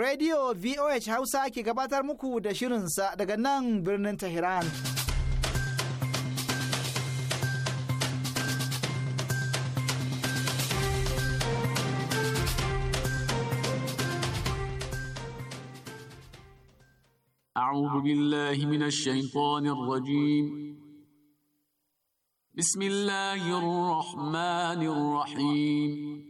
Radio VOH Hausa ke gabatar muku da shirin sa daga nan birnin Tehran. A'udhu billahi minash shaitanir rajim. Bismillahirrahmanirrahim. Bismillahirrahmanirrahim.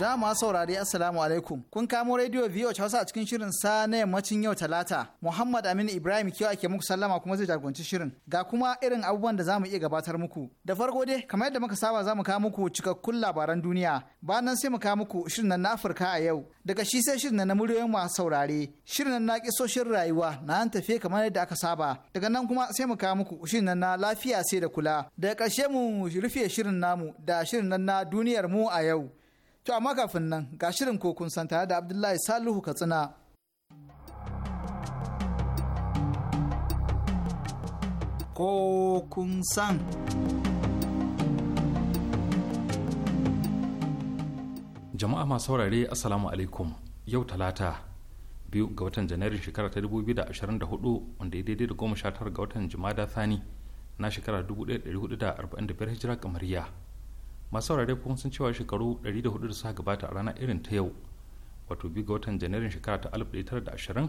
Za mu saurari Assalamu alaikum. Kun kamo rediyo VOH Hausa a cikin shirin sa na yammacin yau Talata. Muhammad Amin Ibrahim kiyo ake muku sallama kuma zai jagoranci shirin. Ga kuma irin abubuwan da zamu iya gabatar muku. Da farko dai kamar yadda muka saba zamu kawo muku cikakkun labaran duniya. Bayan nan sai mu kawo muku shirin na Afirka a yau. Daga shi sai shirin na muryoyin masu saurare. Shirin na kisoshin rayuwa na an tafe kamar yadda aka saba. Daga nan kuma sai mu kawo muku shirin na lafiya sai da kula. Daga ƙarshe mu rufe shirin namu da shirin na duniyar mu a yau. To amma kafin nan ga shirin ko kun san tare da Abdullahi Salihu Katsina. Ko kun san. Jama'a masu saurare Assalamu alaikum yau talata biyu ga watan janairun shekara ta 2024 wanda ya daidai da goma sha tara ga watan jimada thani na shekara 1445 hijira kamariya. masu saurare kuma sun cewa shekaru 104 da suka gabata a ranar irin ta yau wato biyu ga watan janairun shekara ta 1920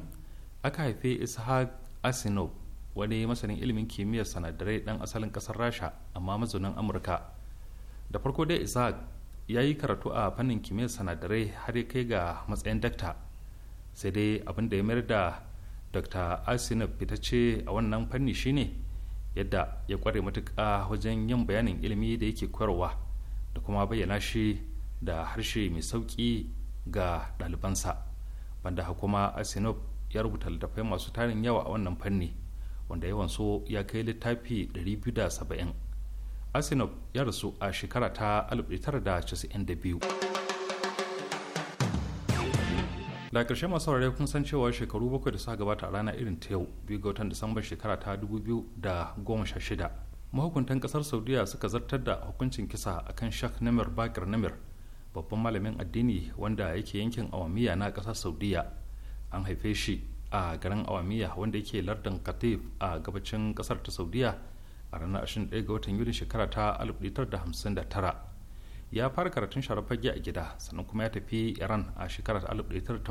aka haife ishaq asinov wani masanin ilimin kimiyyar sanadarai dan asalin kasar rasha amma mazaunin amurka da farko dai ishaq ya yi karatu a fannin kimiyyar sanadarai har ya kai ga matsayin dakta sai dai abin da ya mayar da dr fita ce a wannan fanni shine yadda ya kware matuka wajen yin bayanin ilimi da yake koyarwa da kuma bayyana shi da harshe mai sauki ga ɗalibansa banda kuma sinop ya rubuta littattafai masu tarin yawa a wannan fanni wanda yawan so ya kai littafi 270 asinop ya rasu a shekara ta 1992 da karshe masu saurare kun san cewa shekaru bakwai da suka gabata a rana irin ta yau biyu ga watan disambar shekara ta mahukuntan kasar saudiya suka zartar da hukuncin kisa a kan shak namir bakir namir babban malamin addini wanda yake yankin awamiya na kasar saudiya an haife shi a garin awamiya wanda yake lardin katif a gabacin kasar ta saudiya a ranar 21 ga watan yuli shekara ta 1959 ya fara karatun sharafage a gida sannan kuma ya tafi iran a shekarar 1989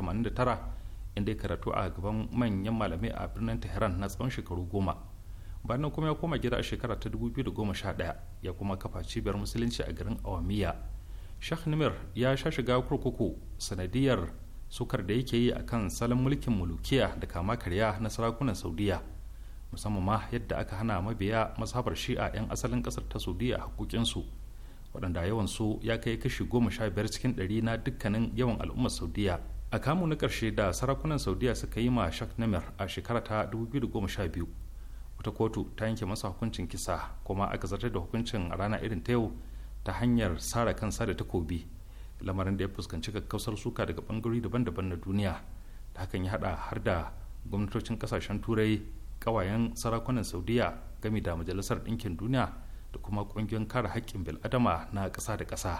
inda ya karatu a gaban manyan malamai a birnin tehran na tsawon shekaru goma bayan kuma ya koma gida a shekara ta 2011 ya kuma kafa cibiyar musulunci a garin awamiya shah nimir ya sha shiga kurkuku sanadiyar sukar da yake yi a kan salon mulkin mulukiya da kama karya na sarakunan saudiya musamman ma yadda aka hana mabiya masabar shi'a 'yan asalin kasar ta saudiya hakukinsu waɗanda yawansu ya kai kashi goma sha biyar cikin ɗari na dukkanin yawan al'ummar saudiya a kamu na ƙarshe da sarakunan saudiya suka yi ma shak namir a shekara ta 2012 wata kotu ta yanke masa hukuncin kisa kuma aka zartar da hukuncin a rana irin ta yau ta hanyar sara kansa da takobi lamarin da ya fuskanci kakkausar suka daga bangarori daban-daban na duniya da hakan ya hada har da gwamnatocin kasashen turai kawayen sarakunan saudiya gami da majalisar ɗinkin duniya da kuma ƙungiyar kare haƙƙin bil'adama na ƙasa da ƙasa.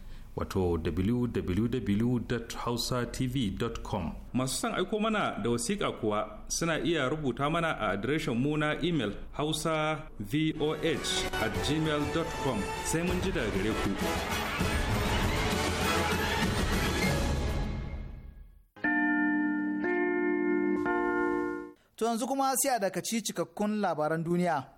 wato www.hausatv.com masu son aiko mana da wasiƙa kuwa suna iya rubuta mana a adireshin mu na imel hausa voh at gmail.com sai mun ji daga gare ku to yanzu kuma sai a dakaci cikakkun labaran duniya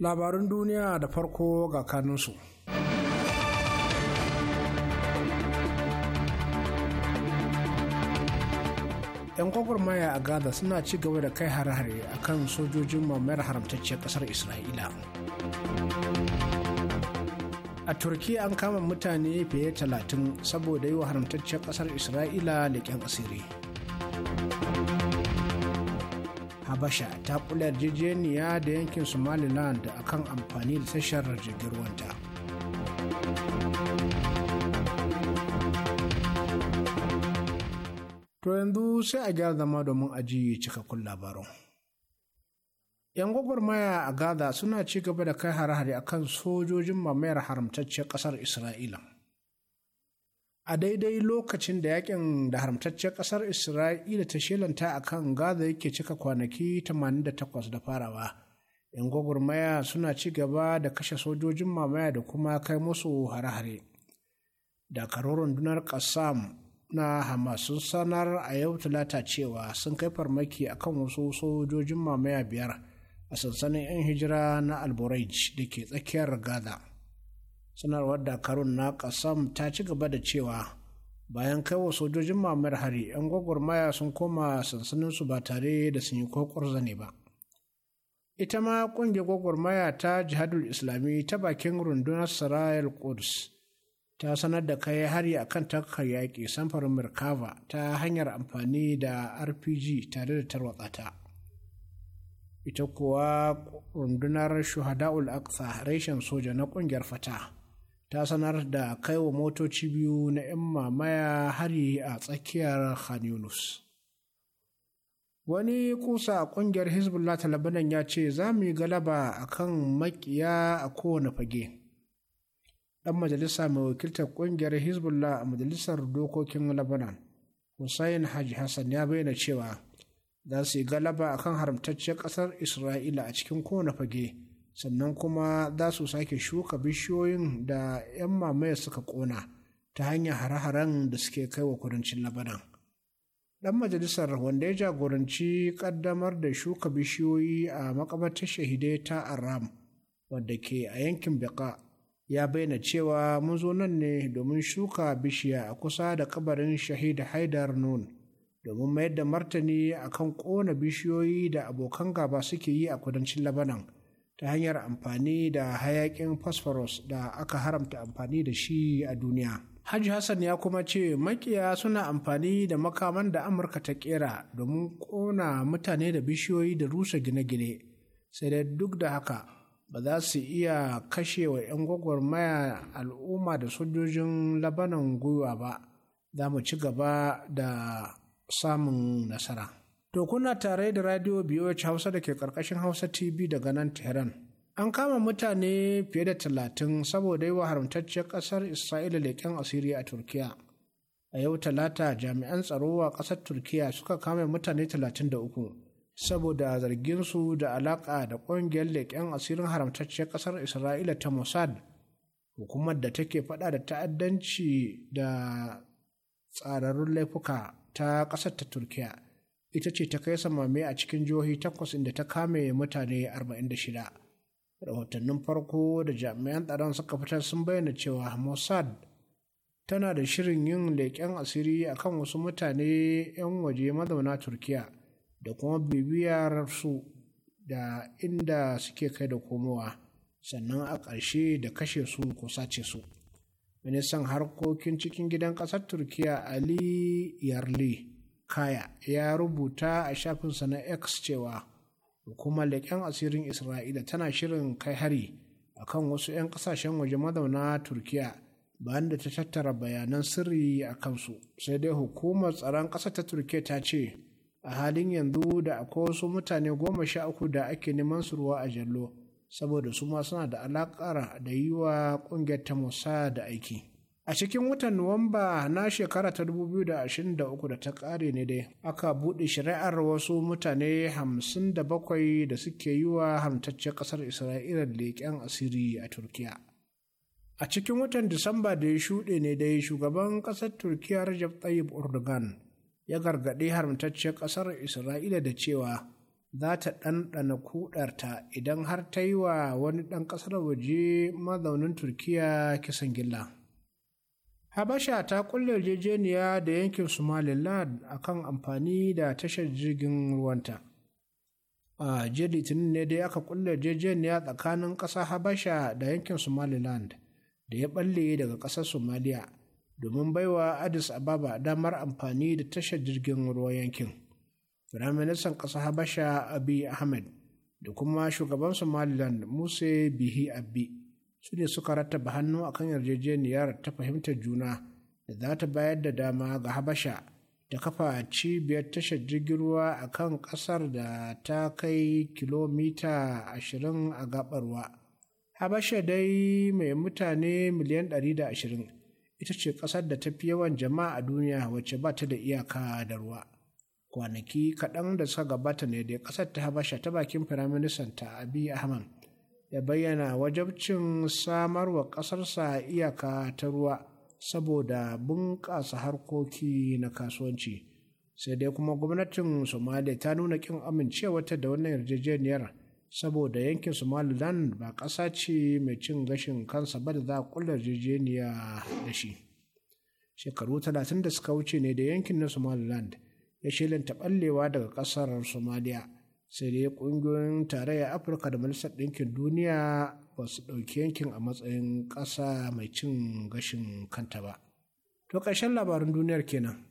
labarun duniya da farko ga kanunsu. yan gwagwarmaya a gaza suna ci gaba da kai hare-hare a kan sojojin mamayar haramtacciyar kasar isra'ila a turkiya an kama mutane fiye talatin saboda yi wa haramtacciyar kasar isra'ila kyan asiri habasha ta kula yarjejeniya da yankin somaliland a kan amfani da tashar jirgin ruwanta to yanzu sai a gyara zama domin aji cikakkun labarun. 'yan gwagwarmaya a gaza suna ci gaba da kai hare-hare kan sojojin mamayar haramtacciyar ƙasar isra'ila a daidai lokacin da yakin da haramtaccen kasar isra'ila ta shelanta a kan gaza yake cika kwanaki 88 da farawa yan gwagwarmaya suna ci gaba da kashe sojojin mamaya da kuma kai musu hare-hare dakarun rundunar ƙasam na hamas sun sanar a yau talata cewa sun kai farmaki a kan wasu sojojin mamaya biyar a sansanin 'yan hijira na alborej da ke tsakiyar gaza sanarwar dakarun na kasam ta ci gaba da cewa bayan kai wa sojojin mamayar hari 'yan gwagwarmaya sun koma sansaninsu ba tare da sun yi kokor ne ba ita ma ƙungiyar gwagwarmaya ta jihadul islami ta bakin rundunar sarayar quds ta sanar da kai hari a kan takar yaƙi samfarin mirkava ta hanyar amfani da rpg tare da tarwatsa ita kuwa rundunar shuhada'ul aqsa reshen soja na ƙungiyar fata ta sanar da kaiwa motoci biyu na 'yan mamaya hari a tsakiyar Khan Yunus. Wani kusa a ƙungiyar Hezbollah ta Labanan ya ce za mu yi galaba a kan makiya a kowane fage. Ɗan majalisa mai wakiltar ƙungiyar Hezbollah a majalisar dokokin Labanan, Hussein Haji Hassan ya bayyana cewa za su yi galaba a kan haramtacciyar ƙasar Isra'ila a cikin kowane fage. sannan kuma za su sake shuka bishiyoyin da 'yan mamaya suka kona ta hanyar hare-haren da suke kai wa kudancin labanan Dan majalisar wanda ya jagoranci ƙaddamar da shuka bishiyoyi a maƙabartar shahidai ta aram wadda ke a yankin beka ya bayyana cewa mun zo nan ne domin shuka bishiya a kusa da kabarin shahid haidar nun domin mayar da martani akan kona bishiyoyi da abokan gaba suke yi a kudancin labanan ta hanyar amfani da hayakin phosphorus da aka haramta amfani da shi a duniya. Hajji Hassan ya kuma ce makiya suna amfani da makaman da Amurka ta kera domin kona mutane da bishiyoyi da rusa gine-gine. Sai dai duk da haka ba za su iya kashe wa 'yan gwagwarmaya al'umma da sojojin labanan gwiwa ba, za mu ci gaba da samun nasara. To kuna tare da radio BOH Hausa da ke ƙarƙashin Hausa TV daga nan Tehran. An kama mutane fiye da talatin saboda yi wa haramtacciyar ƙasar Isra'ila leƙen asiri a Turkiya. A yau talata jami'an tsaro a ƙasar Turkiya suka kama mutane talatin da uku saboda zarginsu da alaƙa da ƙungiyar leƙen asirin haramtacciyar ƙasar Isra'ila ta Mossad. Hukumar da take faɗa da ta'addanci da tsararrun laifuka ta ƙasar ta Turkiya. ita ce ta kai samame a cikin jihohi takwas inda ta kame mutane 46 rahotannin farko da jami'an tsaron suka fitar sun bayyana cewa mossad tana da shirin yin leƙen asiri a kan wasu mutane 'yan waje mazauna turkiya da kuma bibiyar su da inda suke kai da komowa sannan a ƙarshe da kashe su ko sace su ministan harkokin cikin gidan ƙasar turkiya ali yarli Kaya ya rubuta a shafinsa na X cewa hukumar leƙen asirin Isra'ila tana shirin kai hari a kan wasu 'yan ƙasashen waje mazauna Turkiya bayan da ta tattara bayanan sirri a kansu. Sai dai hukumar tsaron ƙasa ta Turkiya ta ce a halin yanzu da akwai wasu mutane goma sha uku da ake neman su ruwa a jallo saboda su ma suna da alaƙar da yi wa ƙungiyar ta musa da aiki. A cikin watan Nuwamba na shekara ta 2023 da ta ƙare ne dai, aka buɗe shari'ar wasu mutane 57 da suke yi wa haramtaccen ƙasar Isra'ila leƙen asiri a Turkiya. A cikin watan Disamba da ya shuɗe ne dai shugaban ƙasar Turkiya Rajab Tayyip Erdogan ya gargaɗi haramtaccen ƙasar Isra'ila da cewa za ta ɗanɗana kuɗarta idan har ta yi wa wani ɗan ƙasar waje mazaunin Turkiya kisan gilla. habasha ta kulle yarjejeniya da yankin somaliland a kan amfani da tashar jirgin ruwanta a jiya litinin ne dai aka kulle yarjejeniya tsakanin ƙasar habasha da yankin somaliland da ya ɓalle daga ƙasar somaliya domin baiwa addis ababa damar amfani da tashar jirgin ruwa yankin firaministan ƙasar habasha abi ahmed da kuma shugaban somaliland musa bihi abiy. su ne suka rattaba hannu a kan yarjejeniyar ta fahimtar juna da za ta bayar da dama ga habasha da kafa cibiyar tashar jirgin ruwa a kan ƙasar da ta kai kilomita 20 a gabarwa habasha dai mai mutane miliyan 120 ita ce ƙasar da ta fi yawan jama'a a duniya wacce ba ta da iyaka da ruwa kwanaki kaɗan da suka gabata ne da ƙasar ta habasha ta bakin firaministan ta abi ahmad ya bayyana wajabcin samar wa ƙasarsa iyaka ta ruwa saboda bunƙasa harkoki na kasuwanci sai dai kuma gwamnatin Somalia ta nuna ƙin amincewarta da wannan yarjejeniyar saboda yankin somaliland ba ƙasa ce mai cin gashin kansa ba da za a ƙulla yarjejeniya da shi shekaru talatin da suka wuce ne da yankin na somaliland ya shilanta ɓallewa daga ƙasar somaliya sai dai ƙungiyoyin tarayyar afirka da majalisar ɗinkin duniya ba su ɗauki yankin a matsayin ƙasa mai cin gashin kanta ba to ƙarshen labarin duniyar kenan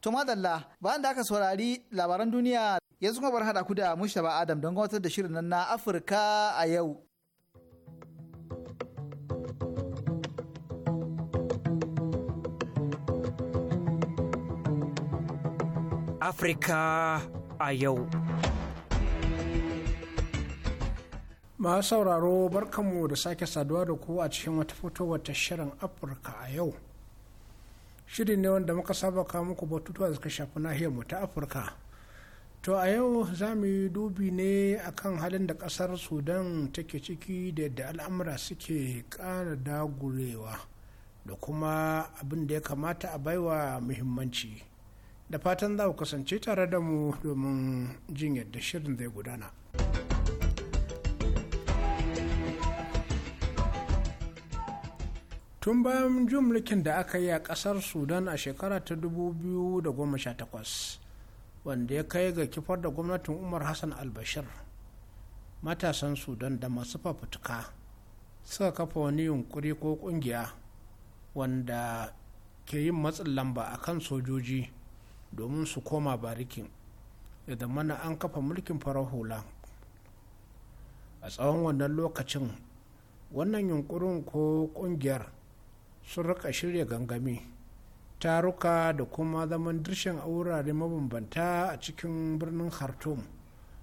to madalla bayan da aka saurari labaran duniya yanzu kuma bar haɗa ku da mushaba adam don gabatar da shirin nan na afirka a yau Afirka a yau. Masu sauraro barkanmu da sake saduwa da ku a cikin wata fito wata shirin Afirka a yau. shirin ne wanda muka saba muku batutuwa da suka shafi nahiyarmu ta Afirka. To a yau za mu yi dubi ne akan halin da ƙasar Sudan take ciki da yadda al'amura suke ƙara dagurewa da kuma abin da ya kamata a baiwa muhimmanci. da fatan za ku kasance tare da mu domin jin yadda shirin zai gudana. tun bayan jumlikin da aka yi a kasar sudan a shekara ta 2018 wanda ya kai ga kifar da gwamnatin umar hassan albashir matasan sudan da masu fafutuka suka kafa wani yunkuri ko kungiya wanda ke yin matsin lamba a kan sojoji domin su koma barikin idan mana an kafa mulkin farar hula a tsawon wannan lokacin wannan yunkurin ko kungiyar sun rika shirya gangami taruka da kuma zaman dirshen a wurare mabambanta a cikin birnin khartoum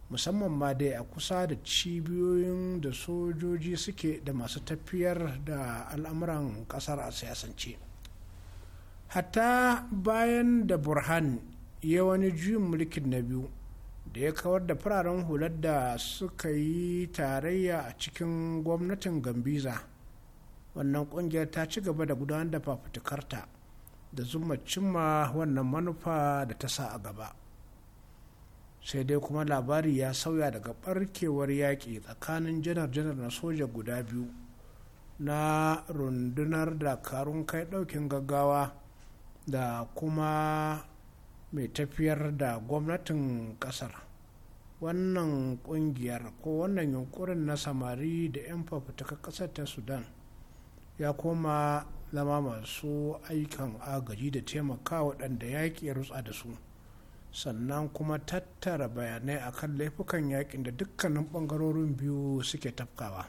musamman ma dai a kusa da cibiyoyin da sojoji suke da masu tafiyar da al'amuran kasar a siyasance. hatta bayan da burhan ya wani juyin mulkin na biyu da ya kawar da fararen hular da suka yi tarayya a cikin gwamnatin gambiza wannan kungiyar ta ci gaba da gudanar da fafutukarta da zuma cimma wannan manufa da ta sa a gaba sai dai kuma labari ya sauya daga barkewar yaƙi tsakanin janar-janar na soja guda biyu na rundunar dakarun kai ɗaukin gaggawa da kuma mai tafiyar da gwamnatin kasar wannan kungiyar ko wannan yunkurin na samari da 'yan fafutuka kasar ta sudan ya koma zama masu aikan agaji da taimaka waɗanda yaƙi ya rutsa da su sannan kuma tattara bayanai a kan laifukan yaƙin da dukkanin ɓangarorin biyu suke tafkawa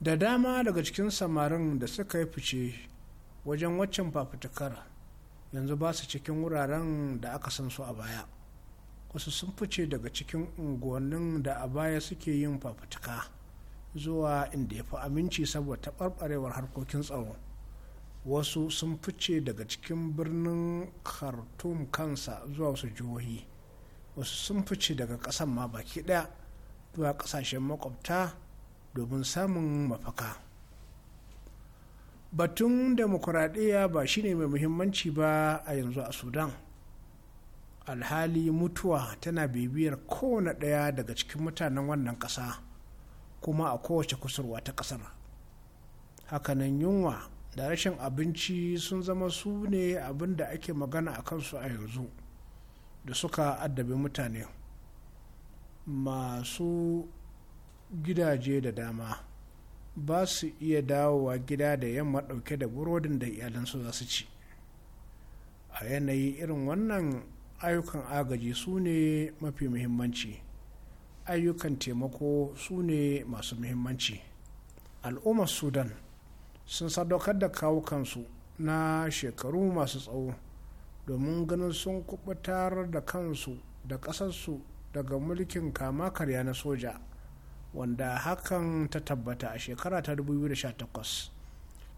da dama daga cikin samarin da suka yi fice wajen waccan fafutukar yanzu ba su cikin wuraren da aka san su a baya wasu sun fice daga cikin unguwannin da a baya suke yin fafutuka zuwa inda ya fi aminci saboda taɓarɓarewar harkokin tsaro wasu sun fice daga cikin birnin khartoum kansa zuwa wasu jihohi wasu sun fice daga ƙasan ma baki ɗaya zuwa ƙasashen makwabta domin samun mafaka. batun demokuraɗiyya ba shine mai muhimmanci ba a yanzu a sudan alhali mutuwa tana bibiyar kowane ɗaya daga cikin mutanen wannan ƙasa kuma a kowace kusurwa ta ƙasar hakanan yunwa da rashin abinci sun zama su ne abin da ake magana a kansu a yanzu da suka addabi mutane masu gidaje da dama ba su iya dawowa gida da yamma ɗauke da burodin da iyalansu za su ci a yanayi irin wannan ayyukan agaji su ne mafi muhimmanci ayyukan taimako su ne masu muhimmanci al'ummar sudan sun sadaukar da kawukansu na shekaru masu tsawo domin ganin sun kubutar da kansu da ƙasarsu daga mulkin kama karya na soja wanda hakan ta tabbata a shekara ta 2018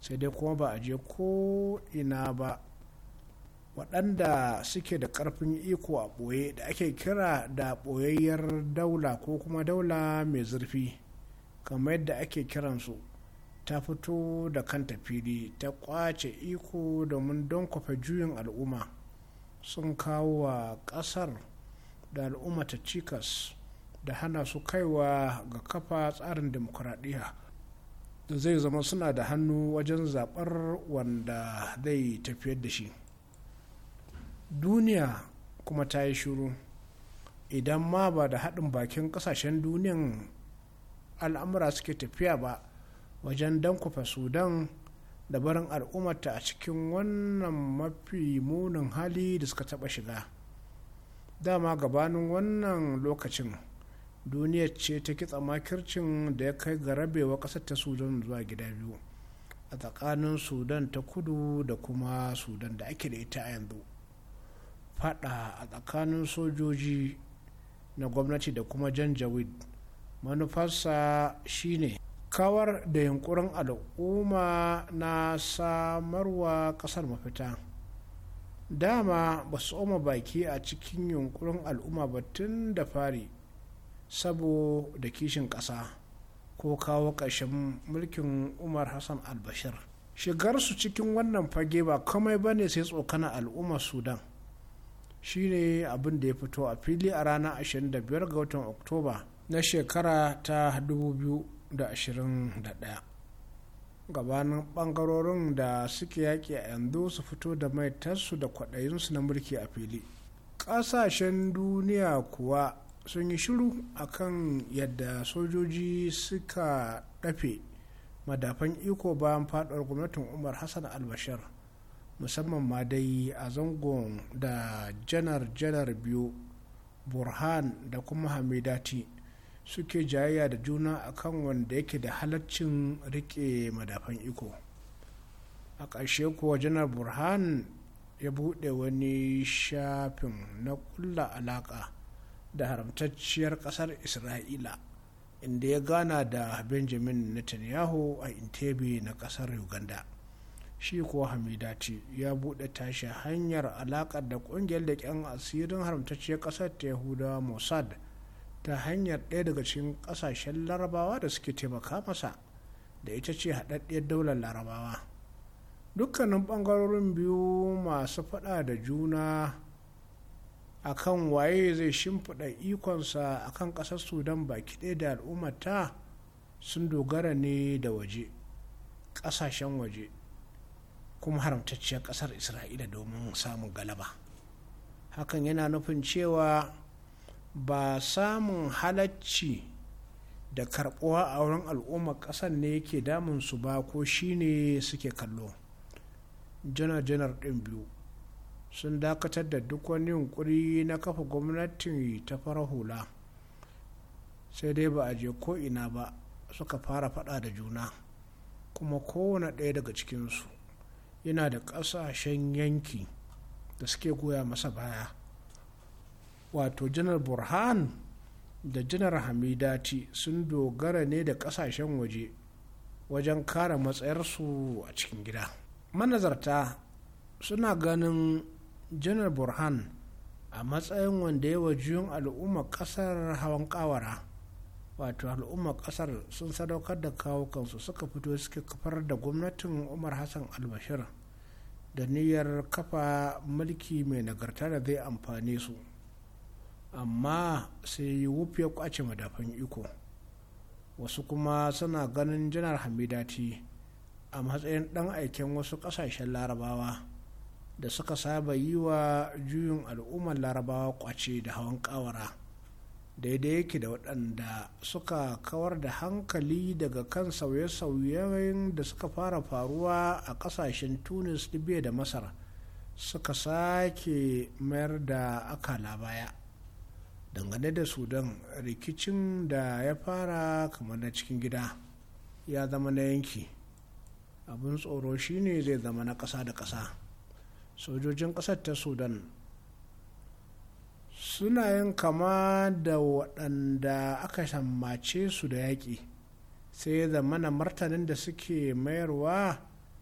sai dai kuma ba a je ko ina ba waɗanda suke da ƙarfin iko a ɓoye da ake kira da ɓoyayyar daula ko kuma daula mai zurfi kamar yadda ake kiransu ta fito da kanta fili ta ƙwace iko domin don kwafe juyin al'umma sun kawo wa ƙasar da al'umma ta cikas da hana su kaiwa ga kafa tsarin demokuraɗiyya da zai zama suna da hannu wajen zaɓar wanda zai tafiyar da shi duniya kuma ta yi shuru idan ma ba da haɗin bakin ƙasashen duniyan al'amura suke tafiya ba wajen dankufa sudan da barin al'ummata a cikin wannan mafi munin hali da suka taɓa shiga dama gabanin wannan lokacin Duniya ce ta kitsa makircin da ya kai ga rabewa ƙasar ta sudan zuwa gida biyu a tsakanin sudan ta kudu da kuma sudan da ake da ita a yanzu fada a tsakanin sojoji na gwamnati da kuma Jan Jawid, manufarsa shine kawar da yunkurin al'umma na samarwa ƙasar mafita dama ba su baki a cikin yunkurin al'umma ba tun da fari saboda kishin ƙasa ko kawo ƙarshen mulkin umar hassan albashir shigarsu cikin wannan fage ba kamai ba ne sai tsokana al'ummar sudan shine abin da ya fito a fili a ranar 25 ga watan oktoba na shekara ta 2021 gabanin bangarorin da suke yaƙi a yanzu su fito da maitarsu da kwaɗayinsu na mulki a fili ƙasashen duniya kuwa sun yi shiru kan yadda sojoji suka ɗafe madafan iko bayan faɗuwar gwamnatin umar hassan albashir musamman ma dai a zangon da janar-janar biyu burhan da kuma hamidati suke jayayya da juna a kan wanda yake da halaccin rike madafan iko a ƙarshe kuwa janar burhan ya buɗe wani shafin na kulla alaƙa da haramtacciyar kasar isra'ila inda ya gana da benjamin netanyahu a intebe na kasar uganda shi kuwa ce ya buɗe tashi hanyar alaƙar da ƙungiyar leƙen asirin haramtacciyar ƙasar ta yahudawa mossad ta hanyar ɗaya daga cikin ƙasashen larabawa da suke taimaka masa da ita ce haɗaɗɗiyar daular larabawa dukkanin ɓangarorin biyu masu faɗa da juna a kan waye zai shimfiɗa ikonsa akan ƙasar sudan baki ɗaya da al'ummata sun dogara ne da waje ƙasashen waje kuma haramtacciyar ƙasar isra'ila domin samun galaba hakan yana nufin cewa ba samun halacci da karɓuwa a wurin al'ummar ƙasar ne yake damun su ba ko shine suke kallo janar-janar ɗin biyu sun dakatar da duk wani yunkuri na kafa gwamnati ta fara hula sai dai ba a je ko'ina ba suka fara fada da juna kuma kowane ɗaya daga cikinsu yana da ƙasashen yanki da suke goya masa baya wato janar burhan da janar hamidati sun dogara ne da ƙasashen waje wajen kare matsayarsu a cikin gida manazarta suna ganin janar burhan a matsayin wanda ya wajiyun al'ummar kasar hawan kawara wato al'ummar kasar sun sadaukar da kawukansu suka fito suke kafar da gwamnatin umar hassan albashir da niyyar kafa mulki mai nagarta da zai amfani su amma sai wuf ya kwace madafan iko wasu kuma suna ganin janar hamidati a matsayin dan aiken wasu kasashen larabawa da suka saba yi wa juyin al'ummar larabawa kwace da hawan kawara daidai yake da waɗanda suka kawar da hankali daga kan sauye-sauyen da suka fara faruwa a ƙasashen tunis libya da masar suka sake mayar da akala baya dangane da sudan rikicin da ya fara kamar na cikin gida ya zama na yanki abin tsoro shine zai zama na ƙasa da ƙasa sojojin ƙasar ta sudan suna yin kama da waɗanda aka sammace su da yaƙi sai zamana martanin da suke mayarwa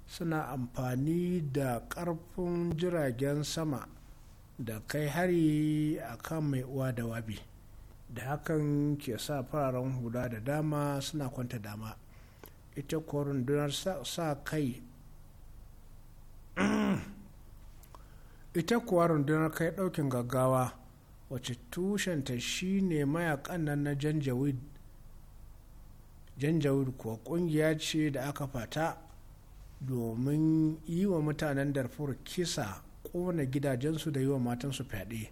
suna amfani da ƙarfin jiragen sama da kai hari a kan mai uwa da wabi da hakan ke sa fararen hula da dama suna kwanta dama ita kwarin sa kai ita kuwa rundunar kai ɗaukin gaggawa wacce tushenta shine mayakan nan na janjawid kuwa kungiya ce da aka fata domin yi wa mutanen darfur kisa ƙona gidajensu da yi wa matansu fyaɗe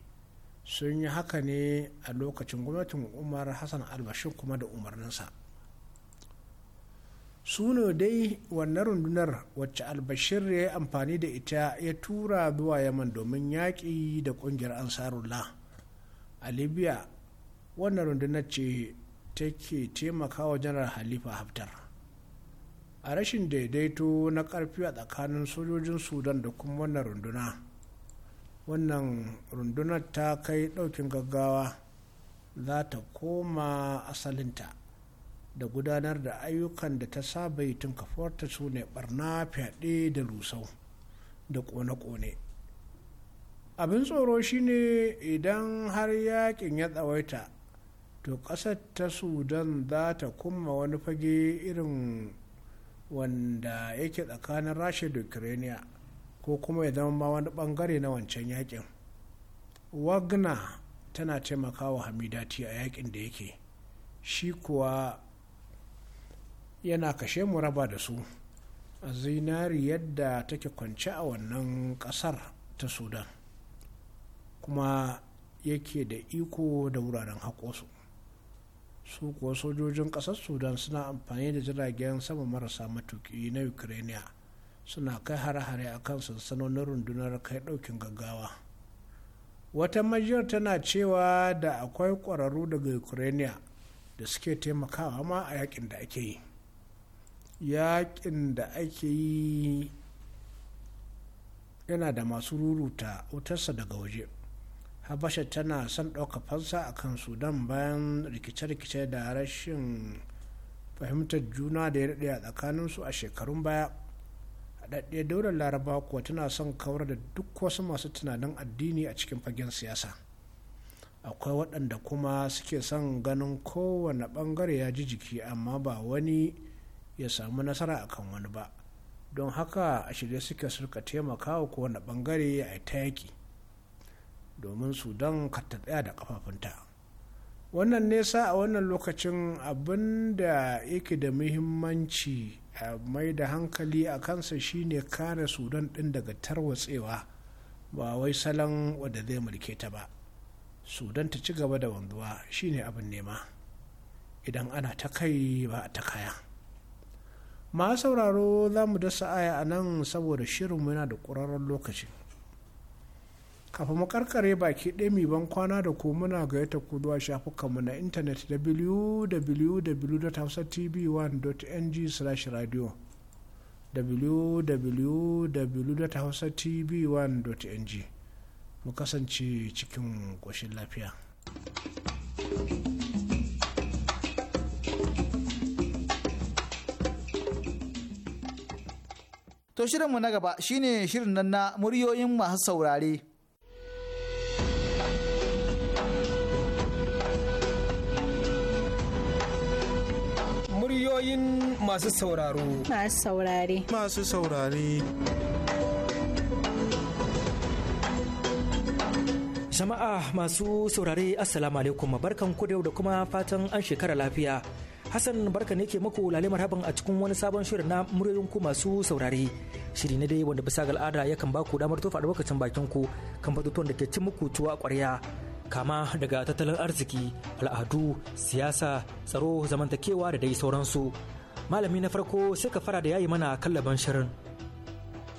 sun yi haka ne a lokacin gwamnatin umar hassan albashin kuma da umarninsa su ne dai wannan rundunar wacce albashir ya yi amfani da ita ya tura zuwa yaman domin yaƙi da ƙungiyar ansarullah a libya wannan rundunar ce ta ke taimaka wa janar halifa haftar a rashin daidaito na ƙarfi a tsakanin sojojin sudan da kuma wannan runduna wannan rundunar ta kai ɗaukin gaggawa za ta koma asalinta da gudanar da ayyukan da ta saba yi tun kafuwarta su ne barna fyaɗe da rusau da ƙone-ƙone abin tsoro shine idan har yakin ya tsawaita to ƙasar ta sudan za ta kuma wani fage irin wanda yake tsakanin rasha da ukraine ko kuma ya zama wani bangare na wancan yakin wagner tana taimakawa hamidati a yakin da yake shi kuwa yana kashe mu raba da su a zinari yadda take kwance a wannan ƙasar ta sudan kuma yake da iko da wuraren haƙosu su kuwa sojojin ƙasar sudan suna amfani da jiragen sama marasa matuƙi na ukraina suna kai hare-hare a kan sansanonin rundunar kai ɗaukin gaggawa wata majiyar tana cewa da akwai ƙwararru daga ukraina da suke taimakawa ma a yakin da ake yi yakin da ake yi yana da masu ruruta wutarsa daga waje habasha tana son ɗauka fansa a kan sudan bayan rikice-rikice da rashin fahimtar juna da ya daɗe a tsakaninsu a shekarun baya haɗaɗɗiyar daular laraba kuwa tana son kawar da duk wasu masu tunanin addini a cikin fagen siyasa akwai waɗanda kuma suke son ganin kowane ɓangare ya ji jiki amma ba wani ya samu nasara akan wani ba don haka a shirye suke suka taimaka wa kowane bangare a ta yaki domin sudan ka ta tsaya da kafafunta wannan nesa a wannan lokacin abin da yake da muhimmanci a mai da hankali a kansa shine kare sudan din daga tarwatsewa ba wai salon wadda zai mulke ta ba sudan ta ci gaba da wanzuwa shine abin nema idan ana ta kai ba a ta kaya ma sauraro za mu dasa aya a nan saboda shirinmu yana da ƙwararren lokaci kafin mu karkare baki ɗaya mai ban kwana da ko muna ga yata kuduwa shafukanmu na intanet www.hausatv1.ng radio www.hausatv1.ng mu kasance cikin ƙoshin lafiya. thank you To shirinmu na gaba shine shirin nan na muryoyin masu saurare. Muryoyin masu sauraro. Masu saurare. Masu saurare. Jama'a masu saurare Assalamu alaikum barkan ku da kuma fatan an shekara lafiya. Hassan barka ne ke muku lalle marhaban a cikin wani sabon shirin na muryoyin ku masu saurare. Shiri na dai wanda bisa ga al'ada ya ba ku damar tofa albarkacin bakin ku kan batutuwan da ke cin muku tuwa ƙwarya. Kama daga tattalin arziki, al'adu, siyasa, tsaro, zamantakewa da dai sauransu. Malami na farko sai ka fara da yayi mana kallaban shirin.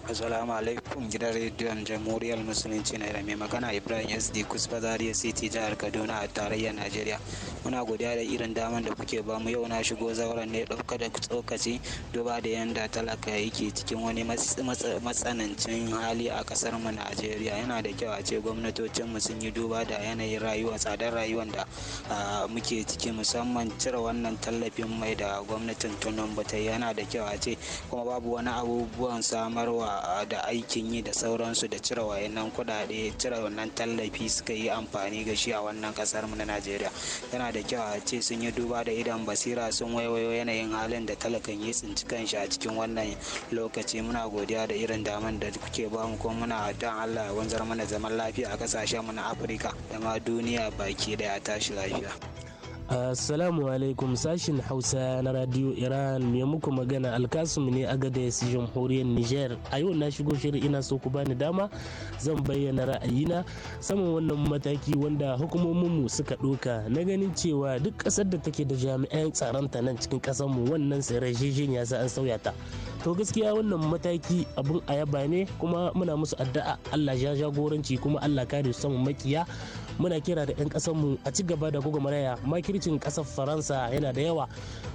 Assalamu alaikum gidan rediyon Jamhuriyar Musulunci na da mai magana Ibrahim SD Kusba Zaria City jihar Kaduna a tarayyar Najeriya. Muna godiya da irin daman da kuke ba mu yau na shigo zauren ne ɗauka da tsokaci duba da yanda talaka yake cikin wani matsanancin hali a ƙasar mu Najeriya. Yana da kyau a ce gwamnatocin mu sun yi duba da yanayin rayuwa tsadar rayuwar da muke ciki musamman cire wannan tallafin mai da gwamnatin Tinubu ta yana da kyau a ce kuma babu wani abubuwan samarwa da aikin yi da sauransu da cire wayannan kuɗaɗe cire wannan tallafi suka yi amfani ga shi a wannan kasar mu na Najeriya yana da kyau a ce sun yi duba da idan basira sun waiwayo yanayin halin da talakan ya tsinci kanshi a cikin wannan lokaci muna godiya da irin daman da kuke ba mu kuma muna addu'an Allah ya wanzar mana zaman lafiya a kasashen mu na Afirka da ma duniya baki daya tashi lafiya Assalamu alaikum sashin Hausa na Radio Iran me muku magana Alkasum ne a su jamhuriyar Niger. A yau na shigo shirin ina so ku bani dama zan bayyana ra'ayina saman wannan mataki wanda hukumominmu mu suka ɗoka na ganin cewa duk ƙasar da take da jami'an tsaron ta nan cikin ƙasar mu wannan sirajijin ya sa an sauya ta. To gaskiya wannan mataki abun yaba ne kuma muna musu addu'a Allah ya jagoranci kuma Allah kare su saman makiya muna kira da 'yan mu a ci gaba da maraya makircin ƙasar faransa yana da yawa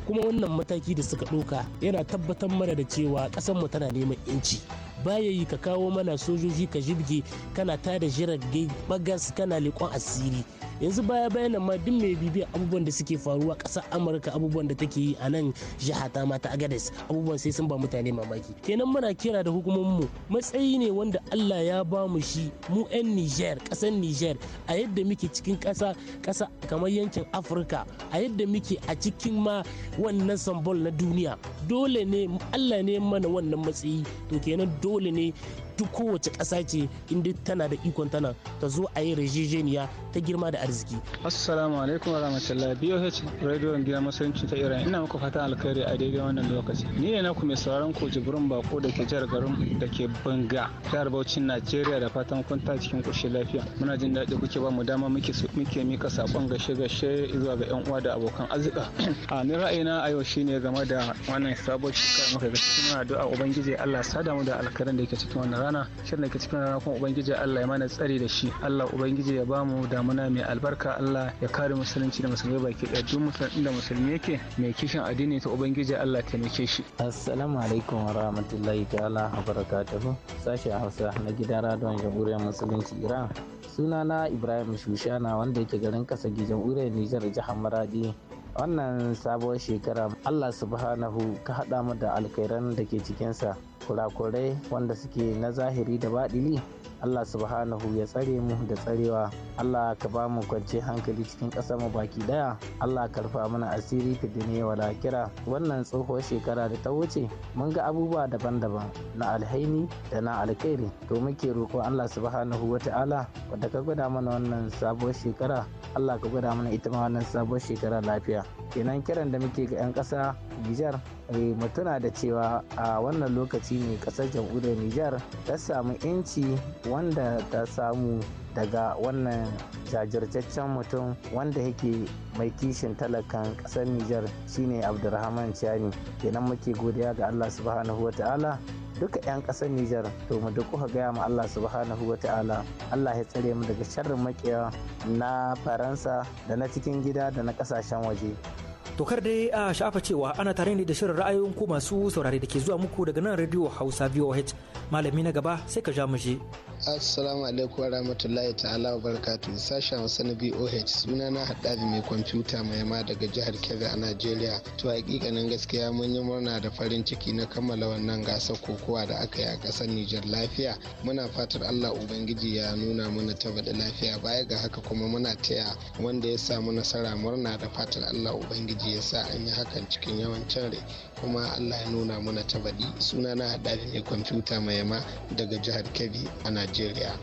kuma wannan mataki da suka ɗauka yana tabbatar mana da cewa mu tana neman inci baya yi ka kawo mana sojoji ka jibge kana tada jirage bagas kana likon asiri yanzu baya bayan ma duk mai bibiyan abubuwan da suke faruwa ƙasar amurka abubuwan da take yi a nan jiha ta mata agades abubuwan sai sun ba mutane mamaki kenan muna kira da hukumomin mu matsayi ne wanda allah ya ba mu shi mu 'yan niger ƙasar niger a yadda muke cikin ƙasa ƙasa kamar yankin afirka a yadda muke a cikin ma wannan sambol na duniya dole ne allah ne mana wannan matsayi to kenan dole ne duk kowace ƙasa ce inda tana da ikon tana ta zo a yi rajejeniya ta girma da arziki. Assalamu alaikum wa rahmatullah BOH Radio Gidan Masarauci ta Iran ina muku fatan alkhairi a daidai wannan lokaci. Ni ne naku mai sauraron ko jibrin bako da ke jihar garin da ke Banga jihar Bauchin Najeriya da fatan kun ta cikin ƙoshin lafiya. Muna jin daɗi kuke ba mu dama muke muke mika saƙon gashe-gashe zuwa ga 'yan uwa da abokan arzika. A ni ra'ayina a yau shine game da wannan sabon shekara muka ga cikin addu'a Ubangiji Allah sada mu da alkhairin da yake cikin wannan rana shi ne ke cikin rana kuma ubangiji Allah ya mana tsari da shi Allah ubangiji ya bamu damuna mai albarka Allah ya kare musulunci da musulmai baki ɗaya duk musulmi da musulmi yake mai kishin addini ta ubangiji Allah taimake shi assalamu alaikum wa rahmatullahi ta'ala wa barakatuhu sashen Hausa na gidan radon jamhuriyar musulunci Iran sunana Ibrahim Shushana wanda yake garin kasa jamhuriyar Nijar jihar Maradi wannan sabuwar shekara Allah subhanahu ka haɗa mu da alkhairan da ke cikinsa kurakurai wanda suke na zahiri da baɗili Allah subhanahu ya tsare mu da tsarewa Allah ka ba mu kwance hankali cikin ƙasa mu baki daya Allah ka rufa mana asiri fi duniya wa lakira wannan tsohuwar shekara da ta wuce mun ga abubuwa daban-daban na alhaini da na alkhairi to muke roƙo Allah subhanahu wa ta'ala wanda ka gwada mana wannan sabuwar shekara Allah ka gwada mana ita ma wannan sabuwar shekara lafiya kenan kiran da muke ga 'yan ƙasa Nijar Eh, mu tuna da cewa a wannan lokaci ne kasar jamhuriyar Nijar ta samu 'yanci wanda ta samu daga wannan jajirtaccen mutum wanda yake mai kishin talakan kasar Nijar shine Abdulrahman Chani kenan muke godiya ga Allah subhanahu ta'ala duka 'yan kasar Nijar to mu duk kuka gaya ma Allah subhanahu ta'ala Allah ya tsare mu daga sharrin makiya na Faransa da na cikin gida da na kasashen waje to kar dai a shafa cewa ana tare ne da shirin ra'ayoyin ku masu saurare da ke zuwa muku daga nan Radio Hausa VOH. Malami na gaba sai ka ja muje. Assalamu alaikum wa rahmatullahi ta'ala wa barakatu. Sashen Hausa na VOH suna na haɗari mai kwamfuta mai ma daga jihar Kebbi a Najeriya. To hakikanin gaskiya mun yi murna da farin ciki na kammala wannan gasar kokowa da aka yi a ƙasar Nijar lafiya. Muna fatar Allah Ubangiji ya nuna mana ta lafiya baya ga haka kuma muna taya wanda ya samu nasara murna da fatar Allah Ubangiji ji ya sa an yi hakan cikin yawancin rai kuma allah ya nuna mana ta suna na haɗari ne kwamfuta mai yama daga jihar kebbi a nigeria.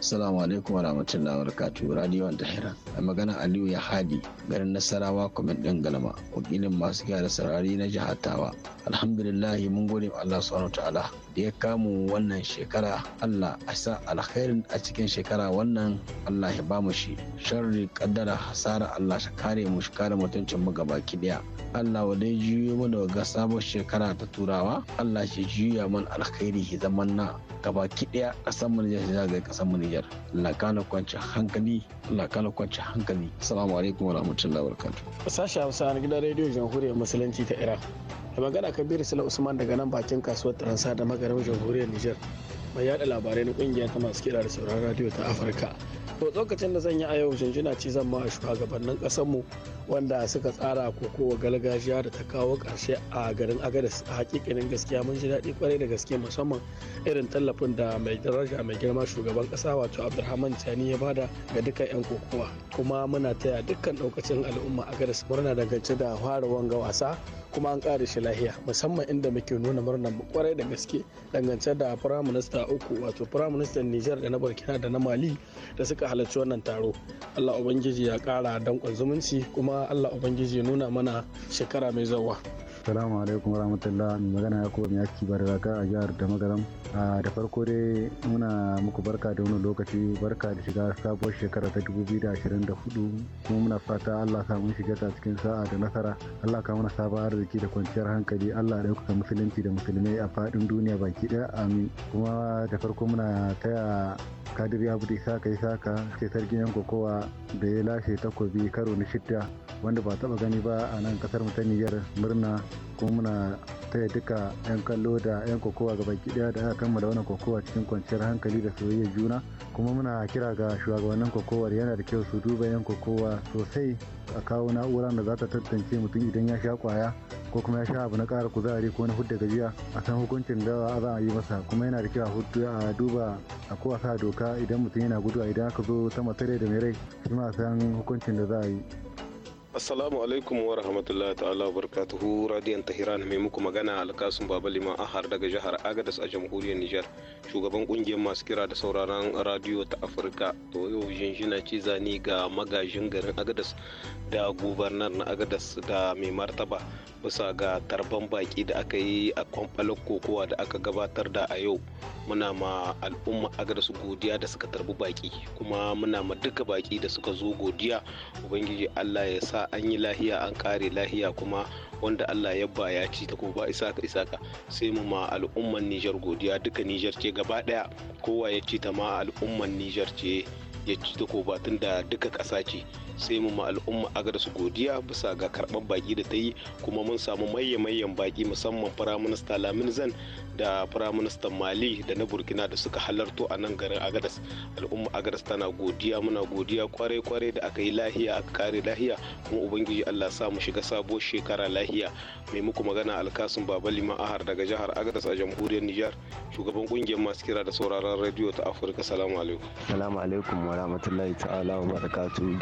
salamu alaikum wa wa wabarakatuh Radio Tahira. A magana Aliyu ya hadi garin Nasarawa kwamin ɗin Galma, wakilin masu gyara sarari na jihar Tawa. Alhamdulillah mun gode wa Allah subhanahu ta'ala da ya kamu wannan shekara Allah a sa alkhairin a cikin shekara wannan Allah ya ba mu shi sharri kaddara hasara Allah shi kare mu shi kare mutuncin mu ki daya Allah wa dai juyo da ga sabon shekara ta turawa Allah shi juya mana alkhairi ya zaman na ki daya kasan mu Nijar ya ga kasan mu Nijar Allah kana kwanci hankali Allah kana kwanci hankali assalamu alaikum wa rahmatullahi wa barakatuh sashi Hausa na gidan rediyo Jamhuriyar Musulunci ta Iran da magana kabir sila usman daga nan bakin kasuwar taransa da magarin jamhuriyar niger mai yada labarai na kungiyar ta masu kira da sauran radio ta afirka to tsokacin da zan yi a yau jinjina ci zan ma a shugabannin mu wanda suka tsara kokowa galgajiya da ta kawo ƙarshe a garin agadas a hakikanin gaskiya mun ji daɗi kwarai da gaske musamman irin tallafin da mai daraja mai girma shugaban ƙasa wato abdulrahman tani ya bada ga dukkan 'yan kokowa kuma muna taya dukkan ɗaukacin al'umma agadas murna dangance da fara wanga wasa kuma an ƙara shi lahiya musamman inda muke nuna murnar kwarai da gaske dangance da firayim minista uku wato firayim ministan Nijar da na Burkina da na Mali da suka halarci wannan taro Allah ubangiji ya kara danƙon zumunci kuma Allah ubangiji ya nuna mana shekara mai zawa Assalamu alaikum rahmatullah mai magana ya kuma yaki barraka a jihar da magaram. Da farko dai muna muku barka da wani lokaci barka da shiga sabuwar shekara ta dubu 2024 kuma muna fata Allah ka mun shiga ta cikin sa'a da nasara. Allah ka muna sabon arziki da kwanciyar hankali Allah da ɗaukaka musulunci da musulmai a faɗin duniya baki ɗaya amin. Kuma da farko muna taya kadiri abu da isaka isaka ce sarkin yanko kokowa da ya lashe takobi karo na shidda wanda ba taba gani ba a nan kasar mu ta niger murna kuma muna taya duka 'yan kallo da 'yan kokowa gaba daya da aka kammala wannan kokowa cikin kwanciyar hankali da soyayyar juna kuma muna kira ga shugabannin kokowar yana da kyau su duba 'yan kokowa sosai a kawo na'ura da za ta tantance mutum idan ya sha kwaya ko kuma ya sha abu na kara kuzari ko na hudda gajiya a san hukuncin da za a yi masa kuma yana da kyau a duba a kowa sa doka idan mutum yana gudu idan aka zo ta matare da mai rai shi ma san hukuncin da za a yi Assalamu alaikum wa rahmatullahi ta'ala wa barakatuhu radiyan Tahiran mai muku magana alkasun Baba Liman Ahar daga jihar Agadas a jamhuriyar Nijar shugaban kungiyar masu kira da sauraron radiyo ta Afirka to yau jinjina ce zani ga magajin garin Agadas da gubernar na Agadas da mai martaba bisa ga tarban baki da aka yi a kwamfalar kokowa da aka gabatar da a yau muna ma al'umma agarsu godiya da suka tarbi baki kuma muna ma duka baki da suka zo godiya ubangiji allah ya sa an yi lahiya an kare lahiya kuma wanda allah ya ba ya ci ta ba isaka isaka sai mu ma al'umman nijar godiya duka nijar ce gaba daya kowa ya ci ta ma al'umman nijar ce ya ci ta batun da duka ƙasa ce sai mu al'umma agar su godiya bisa ga karɓar baki da ta yi kuma mun samu maye mayen baki musamman firaminista lamin zan da firaministan mali da na burkina da suka halarto a nan garin agadas al'umma agadas tana godiya muna godiya kwarai kwarai da aka yi lahiya aka kare lahiya kuma ubangiji allah sa mu shiga sabuwar shekara lahiya mai muku magana alkasun baba liman ahar daga jihar agadas a jamhuriyar nijar shugaban kungiyar masu kira da sauraron radio ta afirka salamu alaikum salamu alaikum wa rahmatullahi ta'ala wa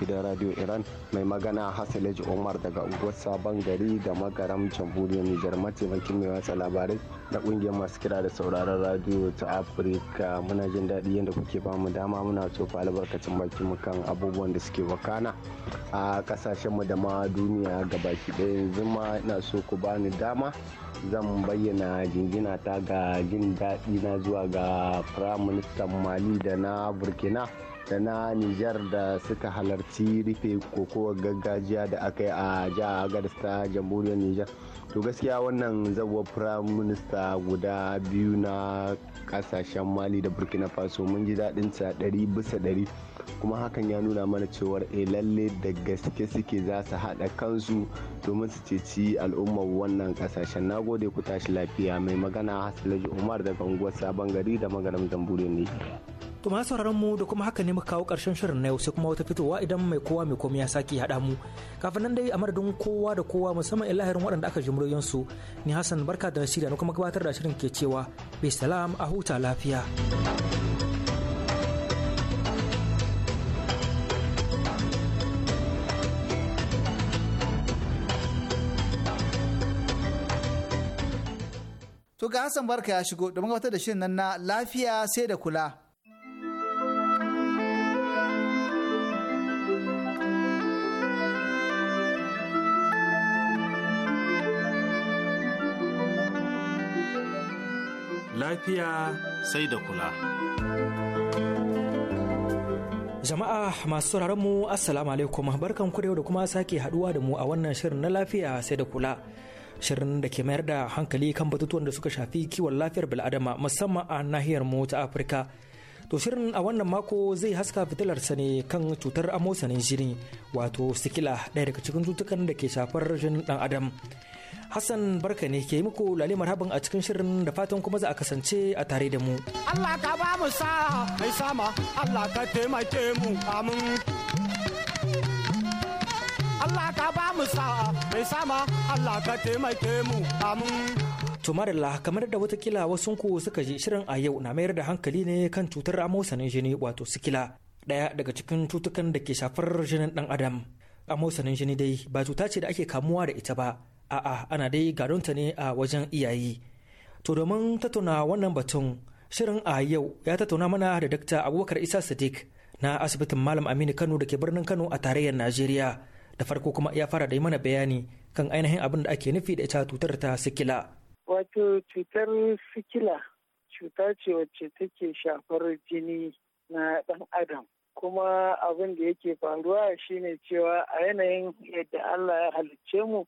gidan radio iran mai magana hasalaji umar daga unguwar sabon gari da magaram jamhuriyar nijar mataimakin mai watsa labarai da kungiyar masu kira da sauraron radio ta afirka muna jin daɗi yadda kuke ba mu dama muna tofa albarkacin bakin mu kan abubuwan da suke wakana a kasashen mu da ma duniya ga baki ɗaya yanzu ma ina so ku bani dama zan bayyana jingina ta ga jin daɗi na zuwa ga firaministan mali da na burkina da na Nijar da suka halarci rufe kokowar gargajiya da aka yi a jihar Agadis ta jamhuriyar Nijar. to gaskiya wannan zabuwar prime minister guda biyu na kasashen mali da burkina faso mun ji daɗin sa ɗari bisa ɗari kuma hakan ya nuna mana cewar e lalle da gaske suke za su haɗa kansu domin su ceci al'ummar wannan kasashen na gode ku tashi lafiya mai magana hasalaji umar da unguwar sabon gari da magaram zambure ne To ma sauraron mu da kuma haka ne muka kawo ƙarshen shirin na yau sai kuma wata fitowa idan mai kowa mai komai ya sake haɗa mu. Kafin nan dai a madadin kowa da kowa musamman ilahirin waɗanda aka jimriyon su ni Hassan barka da nasira na kuma gabatar da shirin ke cewa bi salam a huta lafiya. To ga Hassan barka ya shigo domin gabatar da shirin nan na lafiya sai da kula. lafiya sai da kula. Jama'a masu sauraron mu Assalamu alaikum barkan ku da kuma sake haduwa da mu a wannan shirin na lafiya sai da kula. Shirin da ke mayar da hankali kan batutuwan da suka shafi kiwon lafiyar bil'adama musamman a nahiyar mu ta Afirka. To shirin a wannan mako zai haska fitilarsa ne kan cutar amosanin jini wato sikila ɗaya daga cikin cutukan da ke shafar jinin ɗan adam. Hassan barka ne ke yi muku lalle marhaban a cikin shirin da fatan kuma za a kasance a tare da mu. Allah ka ba mu sa mai sama Allah ka taimake mu amin. Allah ka ba mu sa mai sama Allah ka taimake mu amin. To kamar da watakila wasunku suka ji shirin a yau na mayar da hankali ne kan cutar amosanin jini wato sikila ɗaya daga cikin cutukan da ke shafar jinin ɗan adam. amosanin jini dai ba cuta ce da ake kamuwa da ita ba a'a ana dai gadonta ne a wajen iyaye to domin tattauna wannan batun shirin a yau ya tattauna mana da Dr abubakar isa sadiq na asibitin malam aminu kano da ke birnin kano a tarayyar najeriya da farko kuma ya fara da mana bayani kan ainihin abin da ake nufi da ita cutar ta sikila wato cutar sikila cuta ce wacce take shafar jini na ɗan adam kuma abin da yake faruwa shine cewa a yanayin yadda Allah ya halicce mu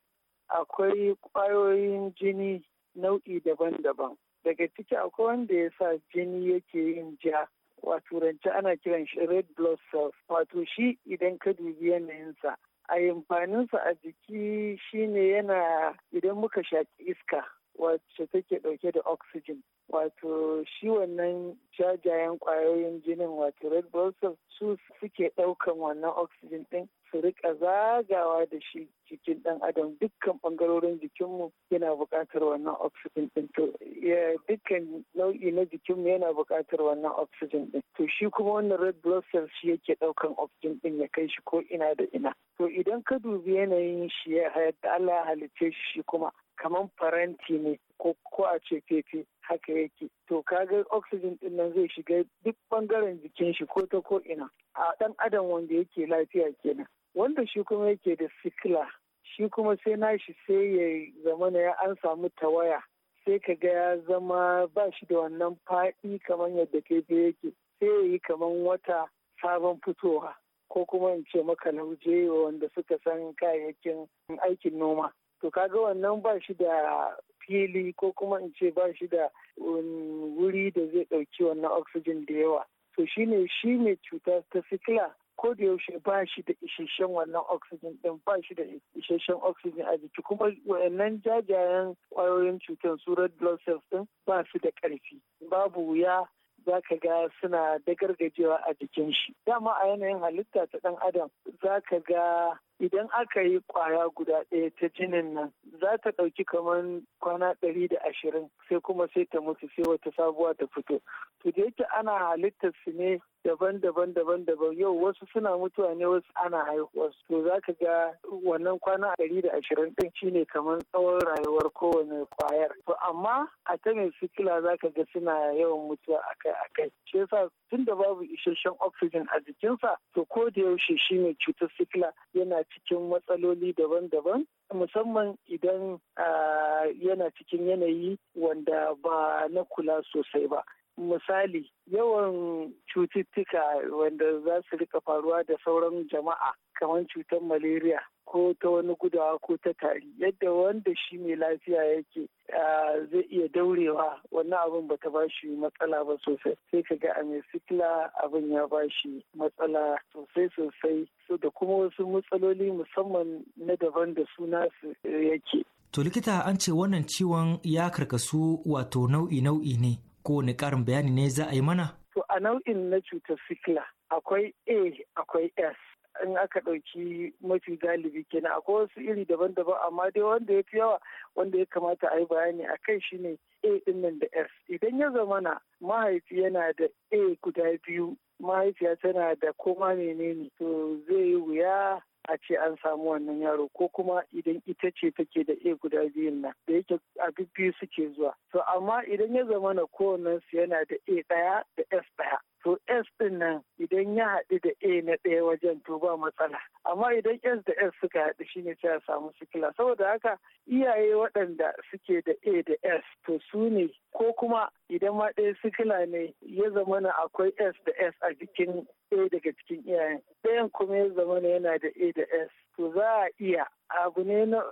akwai ƙwayoyin jini nau'i daban-daban daga ciki akwai wanda ya sa jini yake yin ja wa turanci ana kiran shi red blood cells wato shi idan ka dubi yanayinsa a amfaninsa a jiki shine yana idan muka shaki iska wacce take ɗauke da oxygen wato shi wannan jajayen ƙwayoyin jinin wato red blood cells su suke ɗaukan wannan oxygen ɗin su rika zagawa da shi jikin dan adam dukkan bangarorin jikinmu yana buƙatar wannan oxygen din to dukkan nau'i na jikinmu yana bukatar wannan oxygen din to shi kuma wannan red blood cells shi yake ɗaukan oxygen din ya kai shi ko ina da ina to idan ka dubi yanayin shi ya yadda Allah ya halicce shi shi kuma kamar faranti ne ko ko a ce fefe haka yake to kaga oxygen din nan zai shiga duk bangaren jikin shi ko ta ko ina a dan adam wanda yake lafiya kenan wanda shi kuma yake da sikila shi kuma sai nashi sai ya zama ya an samu tawaya sai ka ga ya zama ba shi da wannan faɗi kamar yadda kebe yake sai ya yi kamar wata sabon fitowa ko kuma in ce maka lauje wanda suka san kayayyakin aikin noma to kaga wannan ba shi da fili ko kuma in ce ba shi da wuri da zai ɗauki wannan oxygen da yawa to shine shi mai cuta ta sikila ko da yaushe ba shi da isasshen wannan oxygen din ba shi da isasshen oxygen a jiki kuma wayannan jajayen kwayoyin cutar su red blood cells din ba su da karfi babu wuya za ka ga suna da gargajewa a jikin shi dama a yanayin halitta ta dan adam za ka ga idan aka yi kwaya guda ɗaya ta jinin nan za ta ɗauki kamar kwana ɗari da ashirin sai kuma sai ta mutu sai wata sabuwa ta fito to da yake ana halittar su ne daban-daban daban-daban yau wasu suna mutuwa ne wasu ana haihuwa to za ka ga wannan kwana ɗari da ashirin ɗin ne kamar tsawon rayuwar kowane kwayar to amma a ta mai sikila za ka ga suna yawan mutuwa akai-akai shi yasa tun da babu isasshen oxygen a jikinsa to ko da yaushe shi mai cutar sikila yana cikin matsaloli daban-daban musamman idan ah, yana cikin yanayi wanda ba na kula sosai ba misali yawan cututtuka wanda za su rika faruwa da sauran jama'a kamar cutar malaria ko ta wani gudawa ko ta tari yadda wanda shi mai lafiya yake zai iya daurewa wannan abin ba ta ba shi matsala ba sosai sai ka ga a mai sikila abin ya ba shi matsala sosai sosai so da kuma wasu matsaloli musamman na daban da suna su eh, yake to likita an ce wannan ciwon ya karkasu wato nau'i nau'i ne kowane karin bayani ne za a yi mana? To a nau'in na cutar sikila akwai A akwai S. in aka ɗauki mafi galibi kenan akwai wasu iri daban-daban amma dai wanda ya fi yawa wanda ya kamata a yi bayani a kai shine a din nan da s idan ya zamana mahaifi yana da a guda biyu mahaifiya tana da koma menene to zai yi wuya a ce an samu wannan yaro ko kuma idan ita ce take da a guda biyun nan da yake a duk biyu suke zuwa to amma idan ya zama na kowannensu yana da a daya da s daya. to s din nan idan ya haɗu da a na ɗaya wajen to ba matsala amma idan s da s suka haɗu shine sai a samu sikila saboda haka iyaye waɗanda suke da a da s to su ne ko kuma idan ma ɗaya sikila ne ya zama akwai s da s a jikin ɗaya daga cikin iyayen ɗayan kuma ya zama na yana da a da s to za a iya abu ne na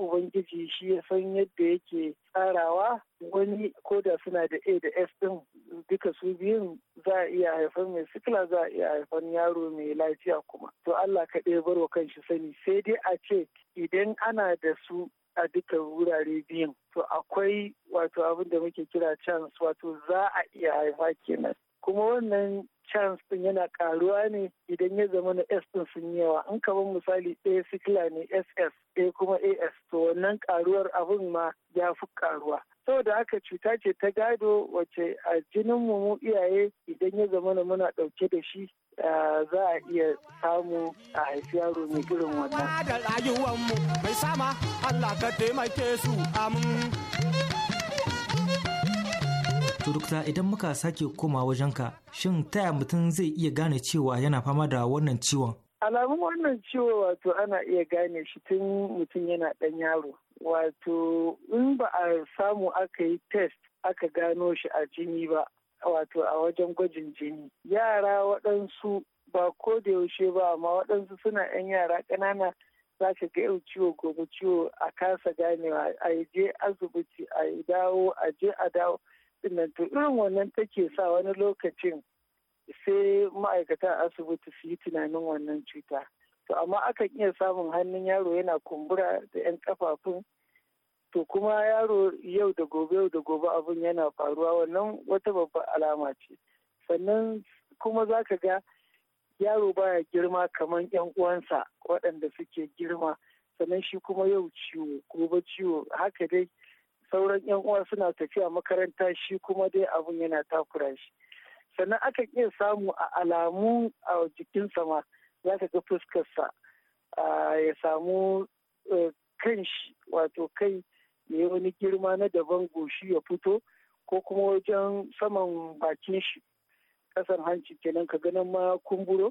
ubangiji shi ya san yadda yake tsarawa wani ko da suna da a da s ɗin duka su biyun za a iya haifar mai sikila za a iya haifar yaro mai lafiya kuma to Allah ka ɗaya kan shi sani sai dai a ce idan ana da su a duka wurare biyun to akwai wato abin da muke kira chance wato za a iya haifa kenan kuma wannan chance din yana karuwa ne idan ya zama na S din sun yawa an kaman misali ɗaya sikila ne SS ɗaya kuma AS to wannan karuwar abin ma ya fi karuwa saboda aka cuta ce ta gado wacce a jinin mu iyaye idan ya zama muna dauke da shi za a iya samu a haifi yaro mai irin wannan. da mai sama Allah taimake su amin. Turukta idan muka sake koma wajenka, shin taya mutum zai iya gane cewa yana fama da wannan ciwon? Alamun wannan ciwo wato ana iya gane shi tun mutum yana dan yaro. wato in ba a samu aka yi test aka gano shi a jini ba wato a wajen gwajin jini yara waɗansu ba ko da yaushe ba amma waɗansu suna 'yan yara ƙanana za ka ga yau ciwo gobe ciwo a kasa ganewa a yi je asibiti a yi dawo a je a dawo dinnan to irin wannan take sa wani lokacin sai ma'aikatan asibiti su yi tunanin wannan cuta to amma akan iya samun hannun yaro yana kumbura da 'yan kafafun to kuma yaro yau da gobe yau da gobe abin yana faruwa wannan wata babbar alama ce sannan kuma za ka ga yaro baya girma kamar 'yan uwansa waɗanda suke girma sannan shi kuma yau ciwo gobe ciwo haka dai sauran 'yan uwa suna tafiya makaranta shi kuma dai abin yana takura shi sannan akan iya samu a alamu a jikinsa ma za ka ga fuskarsa ya samu e, kan shi wato kai ya wani girma na daban goshi ya fito ko kuma wajen saman bakin shi kasan hanci kenan ka ganin ma kumburo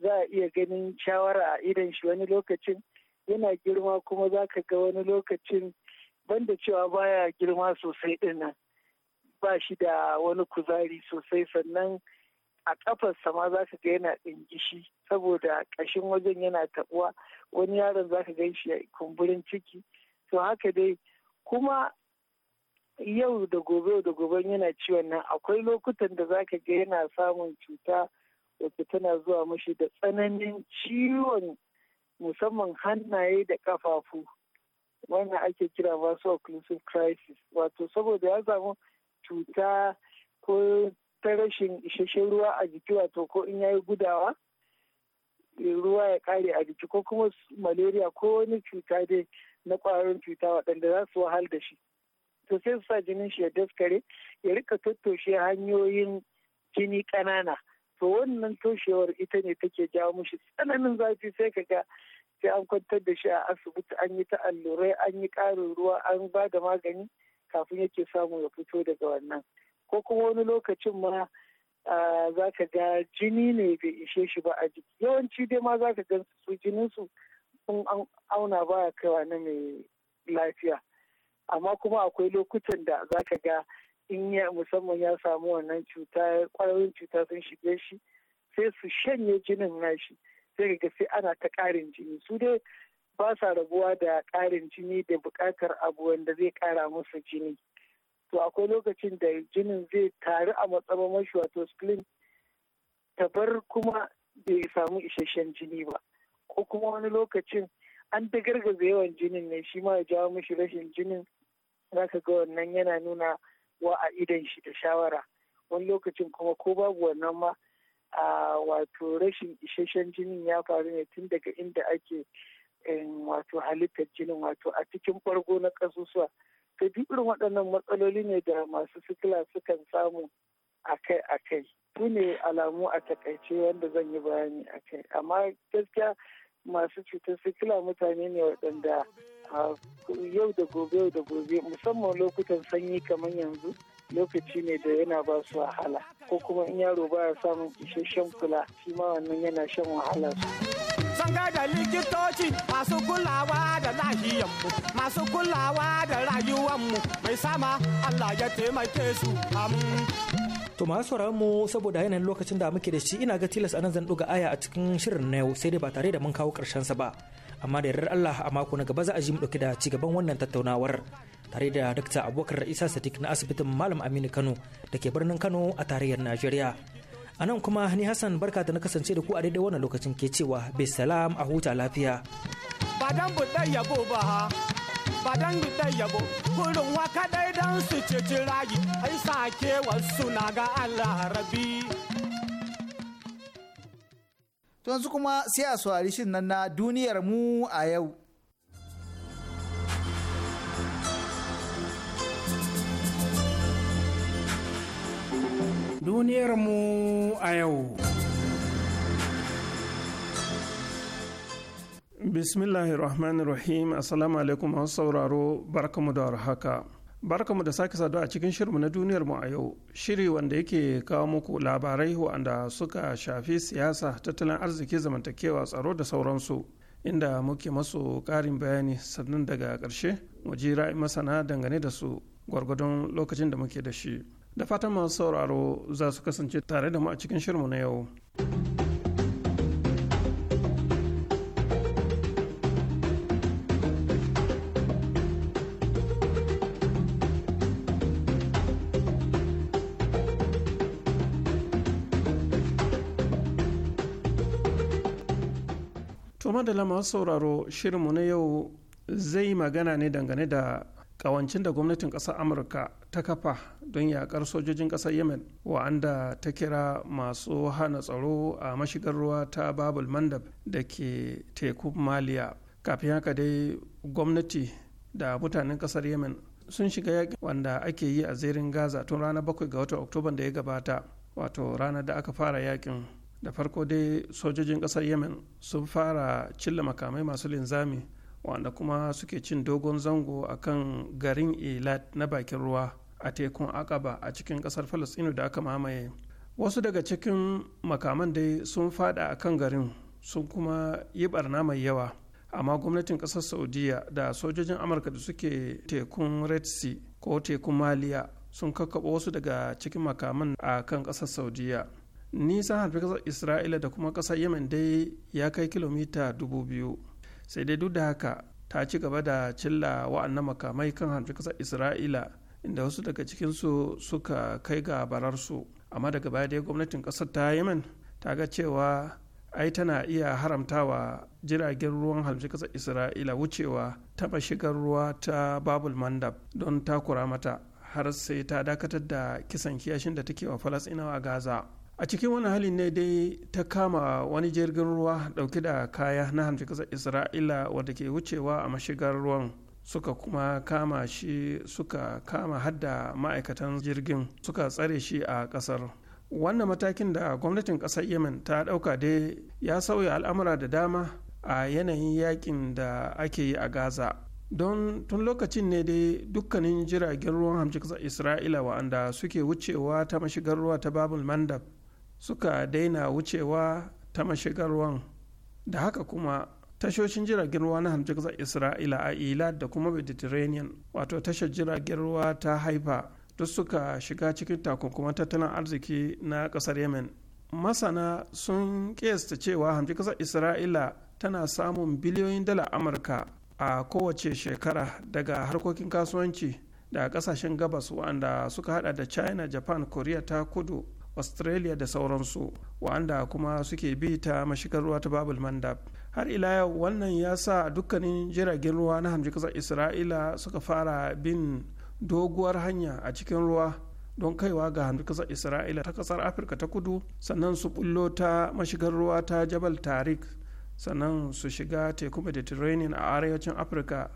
za a iya ganin shawara a idan shi wani lokacin yana girma kuma za ka ga wani lokacin banda cewa baya girma sosai dinnan ba shi da wani kuzari sosai sannan a kafarsa ma za ka ga yana ɗingishi saboda ƙashin wajen yana taɓuwa wani yaron za ka gan shi kumburin ciki to haka dai kuma yau da gobe da gobe yana ciwon nan akwai lokutan da za ka ga yana samun cuta wacce tana zuwa mashi da tsananin ciwon musamman hannaye da kafafu wannan ake kira masu crisis wato saboda ya samu cuta ko ta rashin isasshen ruwa a jiki wato ko in yayi gudawa ruwa ya kare a jiki ko kuma malaria ko wani cuta dai na kwayoyin cuta waɗanda za su wahal da shi to sai su sa jinin shi ya daskare ya rika tattoshe hanyoyin jini kanana to wannan toshewar ita ne take jawo mushi tsananin zafi sai ka ga sai an kwantar da shi a asibiti an yi ta allurai an yi ƙarin ruwa an ba da magani kafin yake samu ya fito daga wannan ko kuma wani lokacin ma za ka ga jini ne bai ishe shi ba a jiki yawanci dai ma za ka gan su su sun auna ba kaiwa na mai lafiya amma kuma akwai lokutan da za ka ga in ya musamman ya samu wannan cuta kwayoyin cuta sun shige shi sai su shanye jinin nashi sai ga sai ana ta karin jini su dai ba sa rabuwa da karin jini da bukatar abu wanda zai kara musu jini to akwai lokacin da jinin zai taru a matsaba shi wato spleen ta bar kuma bai samu isasshen jini ba ko kuma wani lokacin an ta gargaza yawan jinin ne shi ma ya jawo mashi rashin jinin za ka ga wannan yana nuna wa a idan shi da shawara wani lokacin kuma ko babu wannan ma a wato rashin isasshen jinin ya faru ne tun daga inda ake eh, wato halittar jinin wato a cikin farko na ƙasusuwa sai irin waɗannan matsaloli ne da masu sikila sukan samu akai-akai su ne alamu a takaice wanda zan yi bayani akai amma gaskiya masu cutar sikila mutane ne waɗanda yau da gobe yau da gobe musamman lokutan sanyi kamar yanzu lokaci ne da yana ba su wahala ko kuma in yaro baya samun isasshen kula shi ma wannan yana shan wahala su. sanga da likitoci masu kulawa da lahiyanmu masu kulawa da rayuwan mu mai sama Allah ya taimake su To masu sauraron mu saboda yanayin lokacin da muke da shi ina ga tilas anan zan ɗuga aya a cikin shirin na yau sai dai ba tare da mun kawo karshen sa ba. Amma da yarar Allah a mako na gaba za a ji mu ɗauki da cigaban wannan tattaunawar. tare da Dr. Abubakar Isa Sadiq na asibitin Malam Aminu Kano da ke birnin Kano a tarayyar Najeriya. A nan kuma ni Hassan barka ta na kasance da ku a daidai wannan lokacin ke cewa bai salam a huta lafiya. Ba dan buɗe yabo ba ha, ba dan buɗe yabo, kurin waka dai dan su ceci rayu, ai sake wasu na ga Allah rabi. To yanzu kuma sai a saurari shin nan na duniyar mu a yau. Duniyarmu a yau. Bismillahirrahmanirrahim Assalamu alaikum masu sauraro barkamu da warhaka. Barkamu da sake saduwa a cikin shirinmu na duniyarmu a yau, shiri wanda yake kawo muku labarai waɗanda suka shafi siyasa, tattalin arziki, zamantakewa, tsaro da sauransu. Inda muke masu ƙarin bayani sannan daga ƙarshe mu je ra'ayi masana dangane da su gwargwadon lokacin da muke da shi. da fatan masu sauraro za su kasance tare da mu a cikin shirmu na yau. madala masu sauraro shirinmu na yau zai magana ne dangane da kawancin da gwamnatin ƙasar amurka ta kafa don yakar sojojin ƙasar yemen wa'anda ta kira masu hana tsaro a mashigar ruwa ta babul mandab da ke tekun maliya kafin haka dai gwamnati da mutanen ƙasar yemen sun shiga yakin wanda ake yi a zirin gaza tun ranar 7 ga watan oktoban da ya gabata wato ranar da aka fara yakin da farko dai sojojin ƙasar yemen sun fara cilla makamai masu linzami wanda kuma suke cin dogon zango a kan garin elat na bakin ruwa a tekun akaba a cikin kasar falastinu da aka mamaye wasu daga cikin makaman dai sun fada a kan garin sun kuma yi barna mai yawa amma gwamnatin kasar saudiya da sojojin amurka da suke tekun red sea ko tekun maliya sun kakkaɓa wasu daga cikin makaman a kan kasar saudiya nisan harfi kasar isra'ila da kuma kasar yemen dai ya kai kilomita dubu biyu sai dai duk da haka ta ci gaba da cilla wa'annan makamai kan harfi kasar isra'ila inda wasu daga cikinsu suka kai ga bararsu amma daga baya dai gwamnatin ƙasar ta yemen ta ga cewa ai tana iya haramtawa jiragen ruwan halmshi ƙasar isra'ila wucewa taɓa shigar ruwa ta babul mandab don takura mata har sai ta dakatar da kisan kiyashin da take wa falasinawa a gaza a cikin wani halin ne dai ta kama wani jirgin ruwa dauke da kaya na hamshin kasar isra'ila wadda ke wucewa a mashigar ruwan suka kuma kama shi suka kama hadda ma'aikatan jirgin suka tsare shi a kasar wannan matakin da gwamnatin kasar yemen ta dauka dai ya sauya al'amura da dama a yanayin yakin da ake yi a gaza don tun lokacin ne dai dukkanin jiragen ruwan hamshin isra'ila wa'anda suke wucewa ta mashigar ruwa ta babul mandab suka daina wucewa ta mashigar ruwan da haka kuma tashoshin jiragen ruwa na hamshin ƙasar isra'ila a ilad da kuma mediterranean wato tashar jiragen ruwa ta haifa duk suka shiga cikin takunkuman tattalin arziki na ƙasar yemen masana sun kiyasta cewa hamshin ƙasar isra'ila tana samun biliyoyin dala amurka a kowace shekara daga harkokin kasuwanci da kasashen gabas wa'anda suka hada da china japan korea ta kudu australia da sauransu wa'anda kuma suke bi ta mashigar ruwa ta babul mandab har ila yau wannan ya sa dukkanin jiragen ruwa na hamji kasar isra'ila suka fara bin doguwar hanya a cikin ruwa don kaiwa ga hamji kasar isra'ila ta kasar afirka ta kudu sannan su bullo ta mashigar ruwa ta jabal tarik sannan su shiga teku mediterranean a arewacin afirka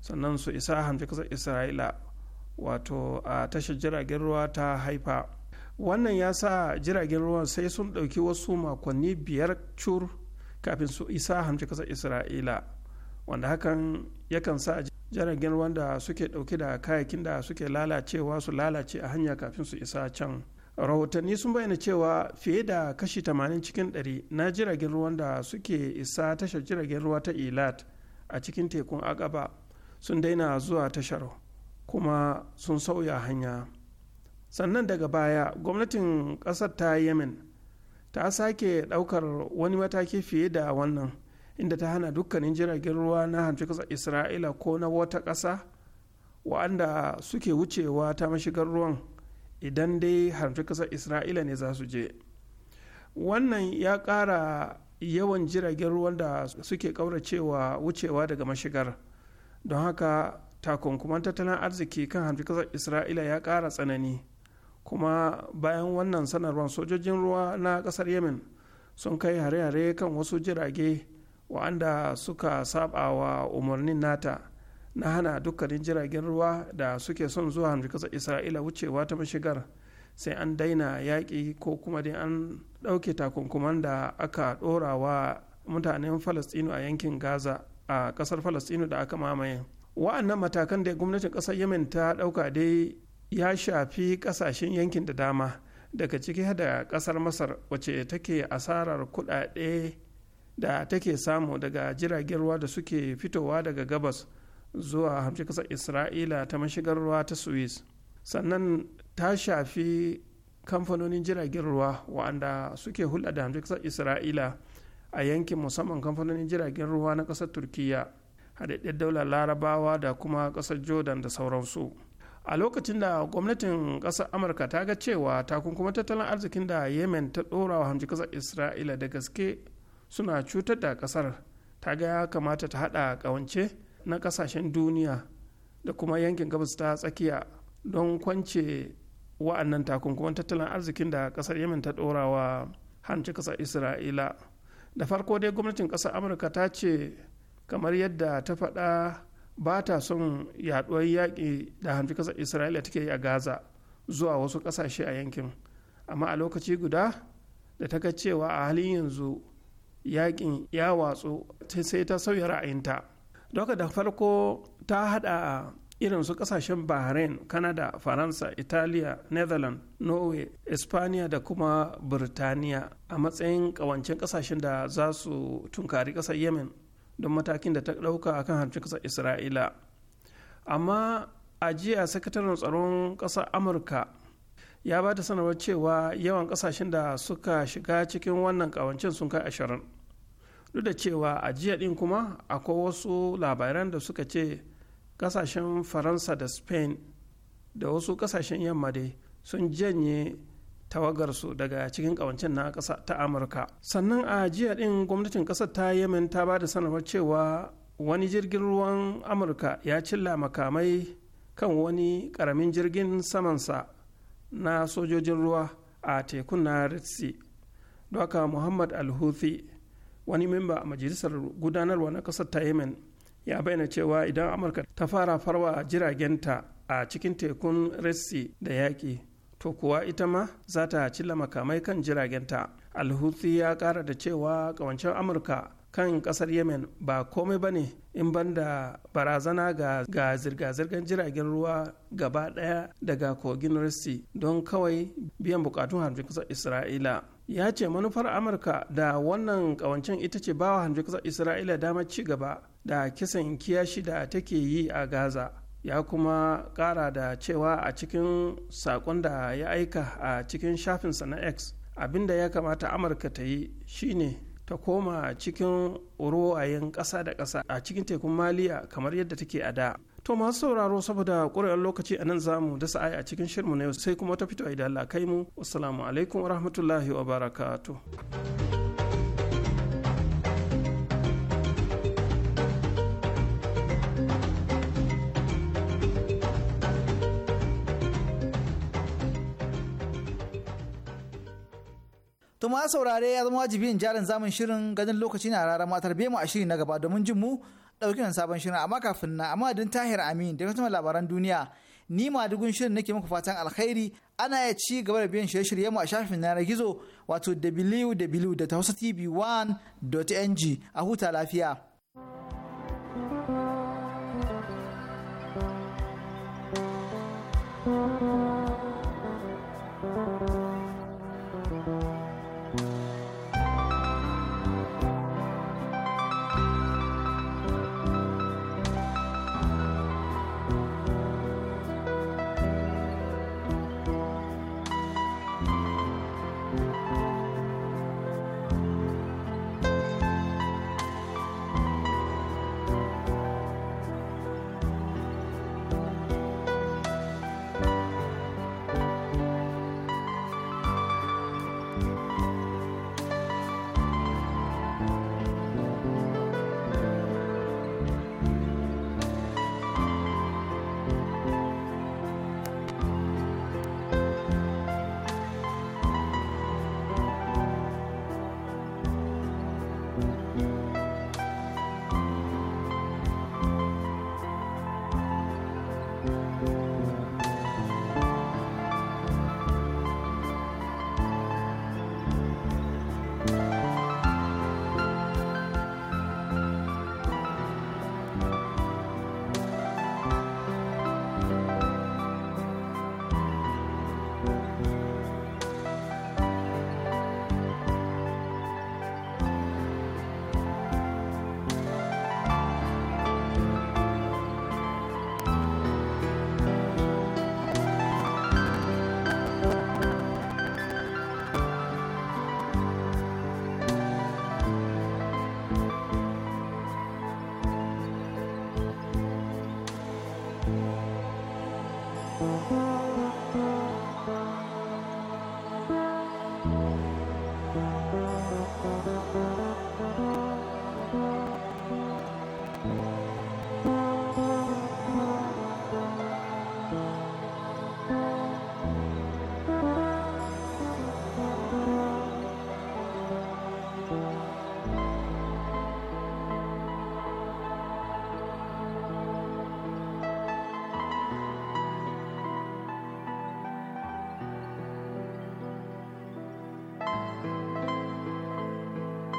sannan su isa hamji kasar isra'ila wato a tashar jiragen ruwa ta haifa wannan ya sa jiragen ruwa sai sun ɗauki wasu makonni biyar cur kafin su isa hamci kasar isra'ila wanda hakan yakan sa jiragen wanda suke dauke da kayakin da suke lalacewa su lalace a hanya kafin su isa can rahotanni sun bayyana cewa fiye da kashi 80 cikin 100 na jiragen ruwan da suke isa tashar jiragen ruwa ta ilat a cikin tekun agaba sun daina zuwa tashar kuma sun sauya hanya sannan daga baya gwamnatin kasar ta yemen ta sake ɗaukar wani mataki fiye da wannan inda ta hana dukkanin jiragen ruwa na hamshe ƙasar isra'ila ko na wata ƙasa wa'anda suke wucewa ta mashigar ruwan idan dai haramci ƙasar isra'ila ne za su je wannan ya ƙara yawan jiragen ruwan da suke ƙauracewa wucewa daga mashigar don haka takunkuman tattalin arziki kan haramci ƙasar isra'ila ya ƙara tsanani kuma bayan wannan sanarwar sojojin ruwa na kasar yemen sun kai hare-hare kan wasu jirage wa'anda suka saba wa umarnin nata na hana dukkanin jiragen ruwa da suke son zuwa hamshi kasar isra'ila wucewa ta mashigar sai an daina yaƙi ko kuma dai an ɗauke takunkuman da aka ɗora wa mutanen falastinu a yankin gaza a ƙasar falastinu da aka mamaye wa'annan matakan da gwamnatin ƙasar yemen ta ɗauka dai ya shafi kasashen yankin da dama daga ciki da kasar masar wace take asarar kudade da take samu daga jiragen ruwa da suke fitowa daga gabas zuwa hamshi kasar isra'ila ta mashigar ruwa ta suez sannan ta shafi kamfanonin jiragen ruwa wa'anda suke hulɗa da hamshi kasar isra'ila a yankin musamman kamfanonin jiragen ruwa na kasar turkiyya haɗaɗɗen daular larabawa da kuma kasar jordan da sauransu. a lokacin da gwamnatin ƙasar amurka ta ga cewa takunkumin tattalin arzikin da yemen ta dora wa hamji ƙasar isra'ila da gaske suna cutar da kasar. ta ga ya kamata ta haɗa kawance na ƙasashen duniya da kuma yankin gabas ta tsakiya don kwance wa'annan takunkuma tattalin arzikin da ƙasar yemen ta dora wa hamji ƙasar isra'ila da farko dai gwamnatin ƙasar amurka ta ce kamar yadda ta faɗa ba ta son yaɗuwar yaƙi da hanfi ƙasar isra'ila take yi a gaza zuwa wasu ƙasashe a yankin amma a lokaci guda da ta ga cewa a halin yanzu yaƙin ya watsu sai ta sauya ra'ayinta doka da farko ta hada irin su ƙasashen bahrain canada faransa italiya netherlands norway espaniya da kuma birtaniya a matsayin ƙawancen ƙasashen da za su tunkari ƙasar yemen don matakin da ta ɗauka akan harfin ƙasar isra'ila amma a jiya sakataren tsaron ƙasar amurka ya ba ta sanarwar cewa yawan ƙasashen da suka shiga cikin wannan ƙawancin sun kai ashirin duk da cewa a jiya ɗin kuma akwai wasu labaran da suka ce ƙasashen faransa da spain da wasu ƙasashen yamma dai sun janye tawagarsu daga cikin kawancin na ƙasa ta amurka sannan a jiya ɗin gwamnatin ƙasar ta yemen ta ba da sanarwar cewa wani jirgin ruwan amurka ya cilla makamai kan wani ƙaramin jirgin samansa na sojojin ruwa a tekun na red doka muhammad alhuthi wani memba a majalisar gudanarwa na ƙasar ta yemen ya bayyana cewa idan amurka ta fara farwa jiragenta a cikin tekun red da yaƙi to kuwa ita ma za ta cilla makamai kan jiragenta alhuthi ya kara da cewa ƙawancen amurka kan ƙasar yemen ba komai ba ne in banda barazana ga, zirga-zirgar jiragen ruwa gaba daya daga kogin risi don kawai biyan bukatun harbi kusa isra'ila ya ce manufar amurka da wannan ƙawancen ita ce bawa harbi kusa isra'ila damar ci gaba da kisan kiyashi da take yi a gaza ya kuma kara da cewa a cikin saƙon da ya aika a cikin shafinsa na x abinda ya kamata amurka ta yi shine ta koma cikin ruwayen ƙasa da ƙasa a cikin tekun maliya kamar yadda take a da to masu sauraro saboda ƙuri'ar lokaci a nan zamu dasa ai a cikin shirmu na yau sai kuma ta fito idan lakai kai mu assalamu alaikum wa rahmatullahi wa barakatuh To ma saurare ya zama wajibi in jarin zamun shirin ganin lokaci na rara matar bemu a shiri na gaba domin jin mu ɗauki wani sabon shirin amma kafin na amma don tahir amin da kuma labaran duniya ni ma dugun shirin nake muku fatan alkhairi ana ya ci gaba da biyan shirye shiryenmu a shafin na gizo wato www.hausatv1.ng a huta lafiya.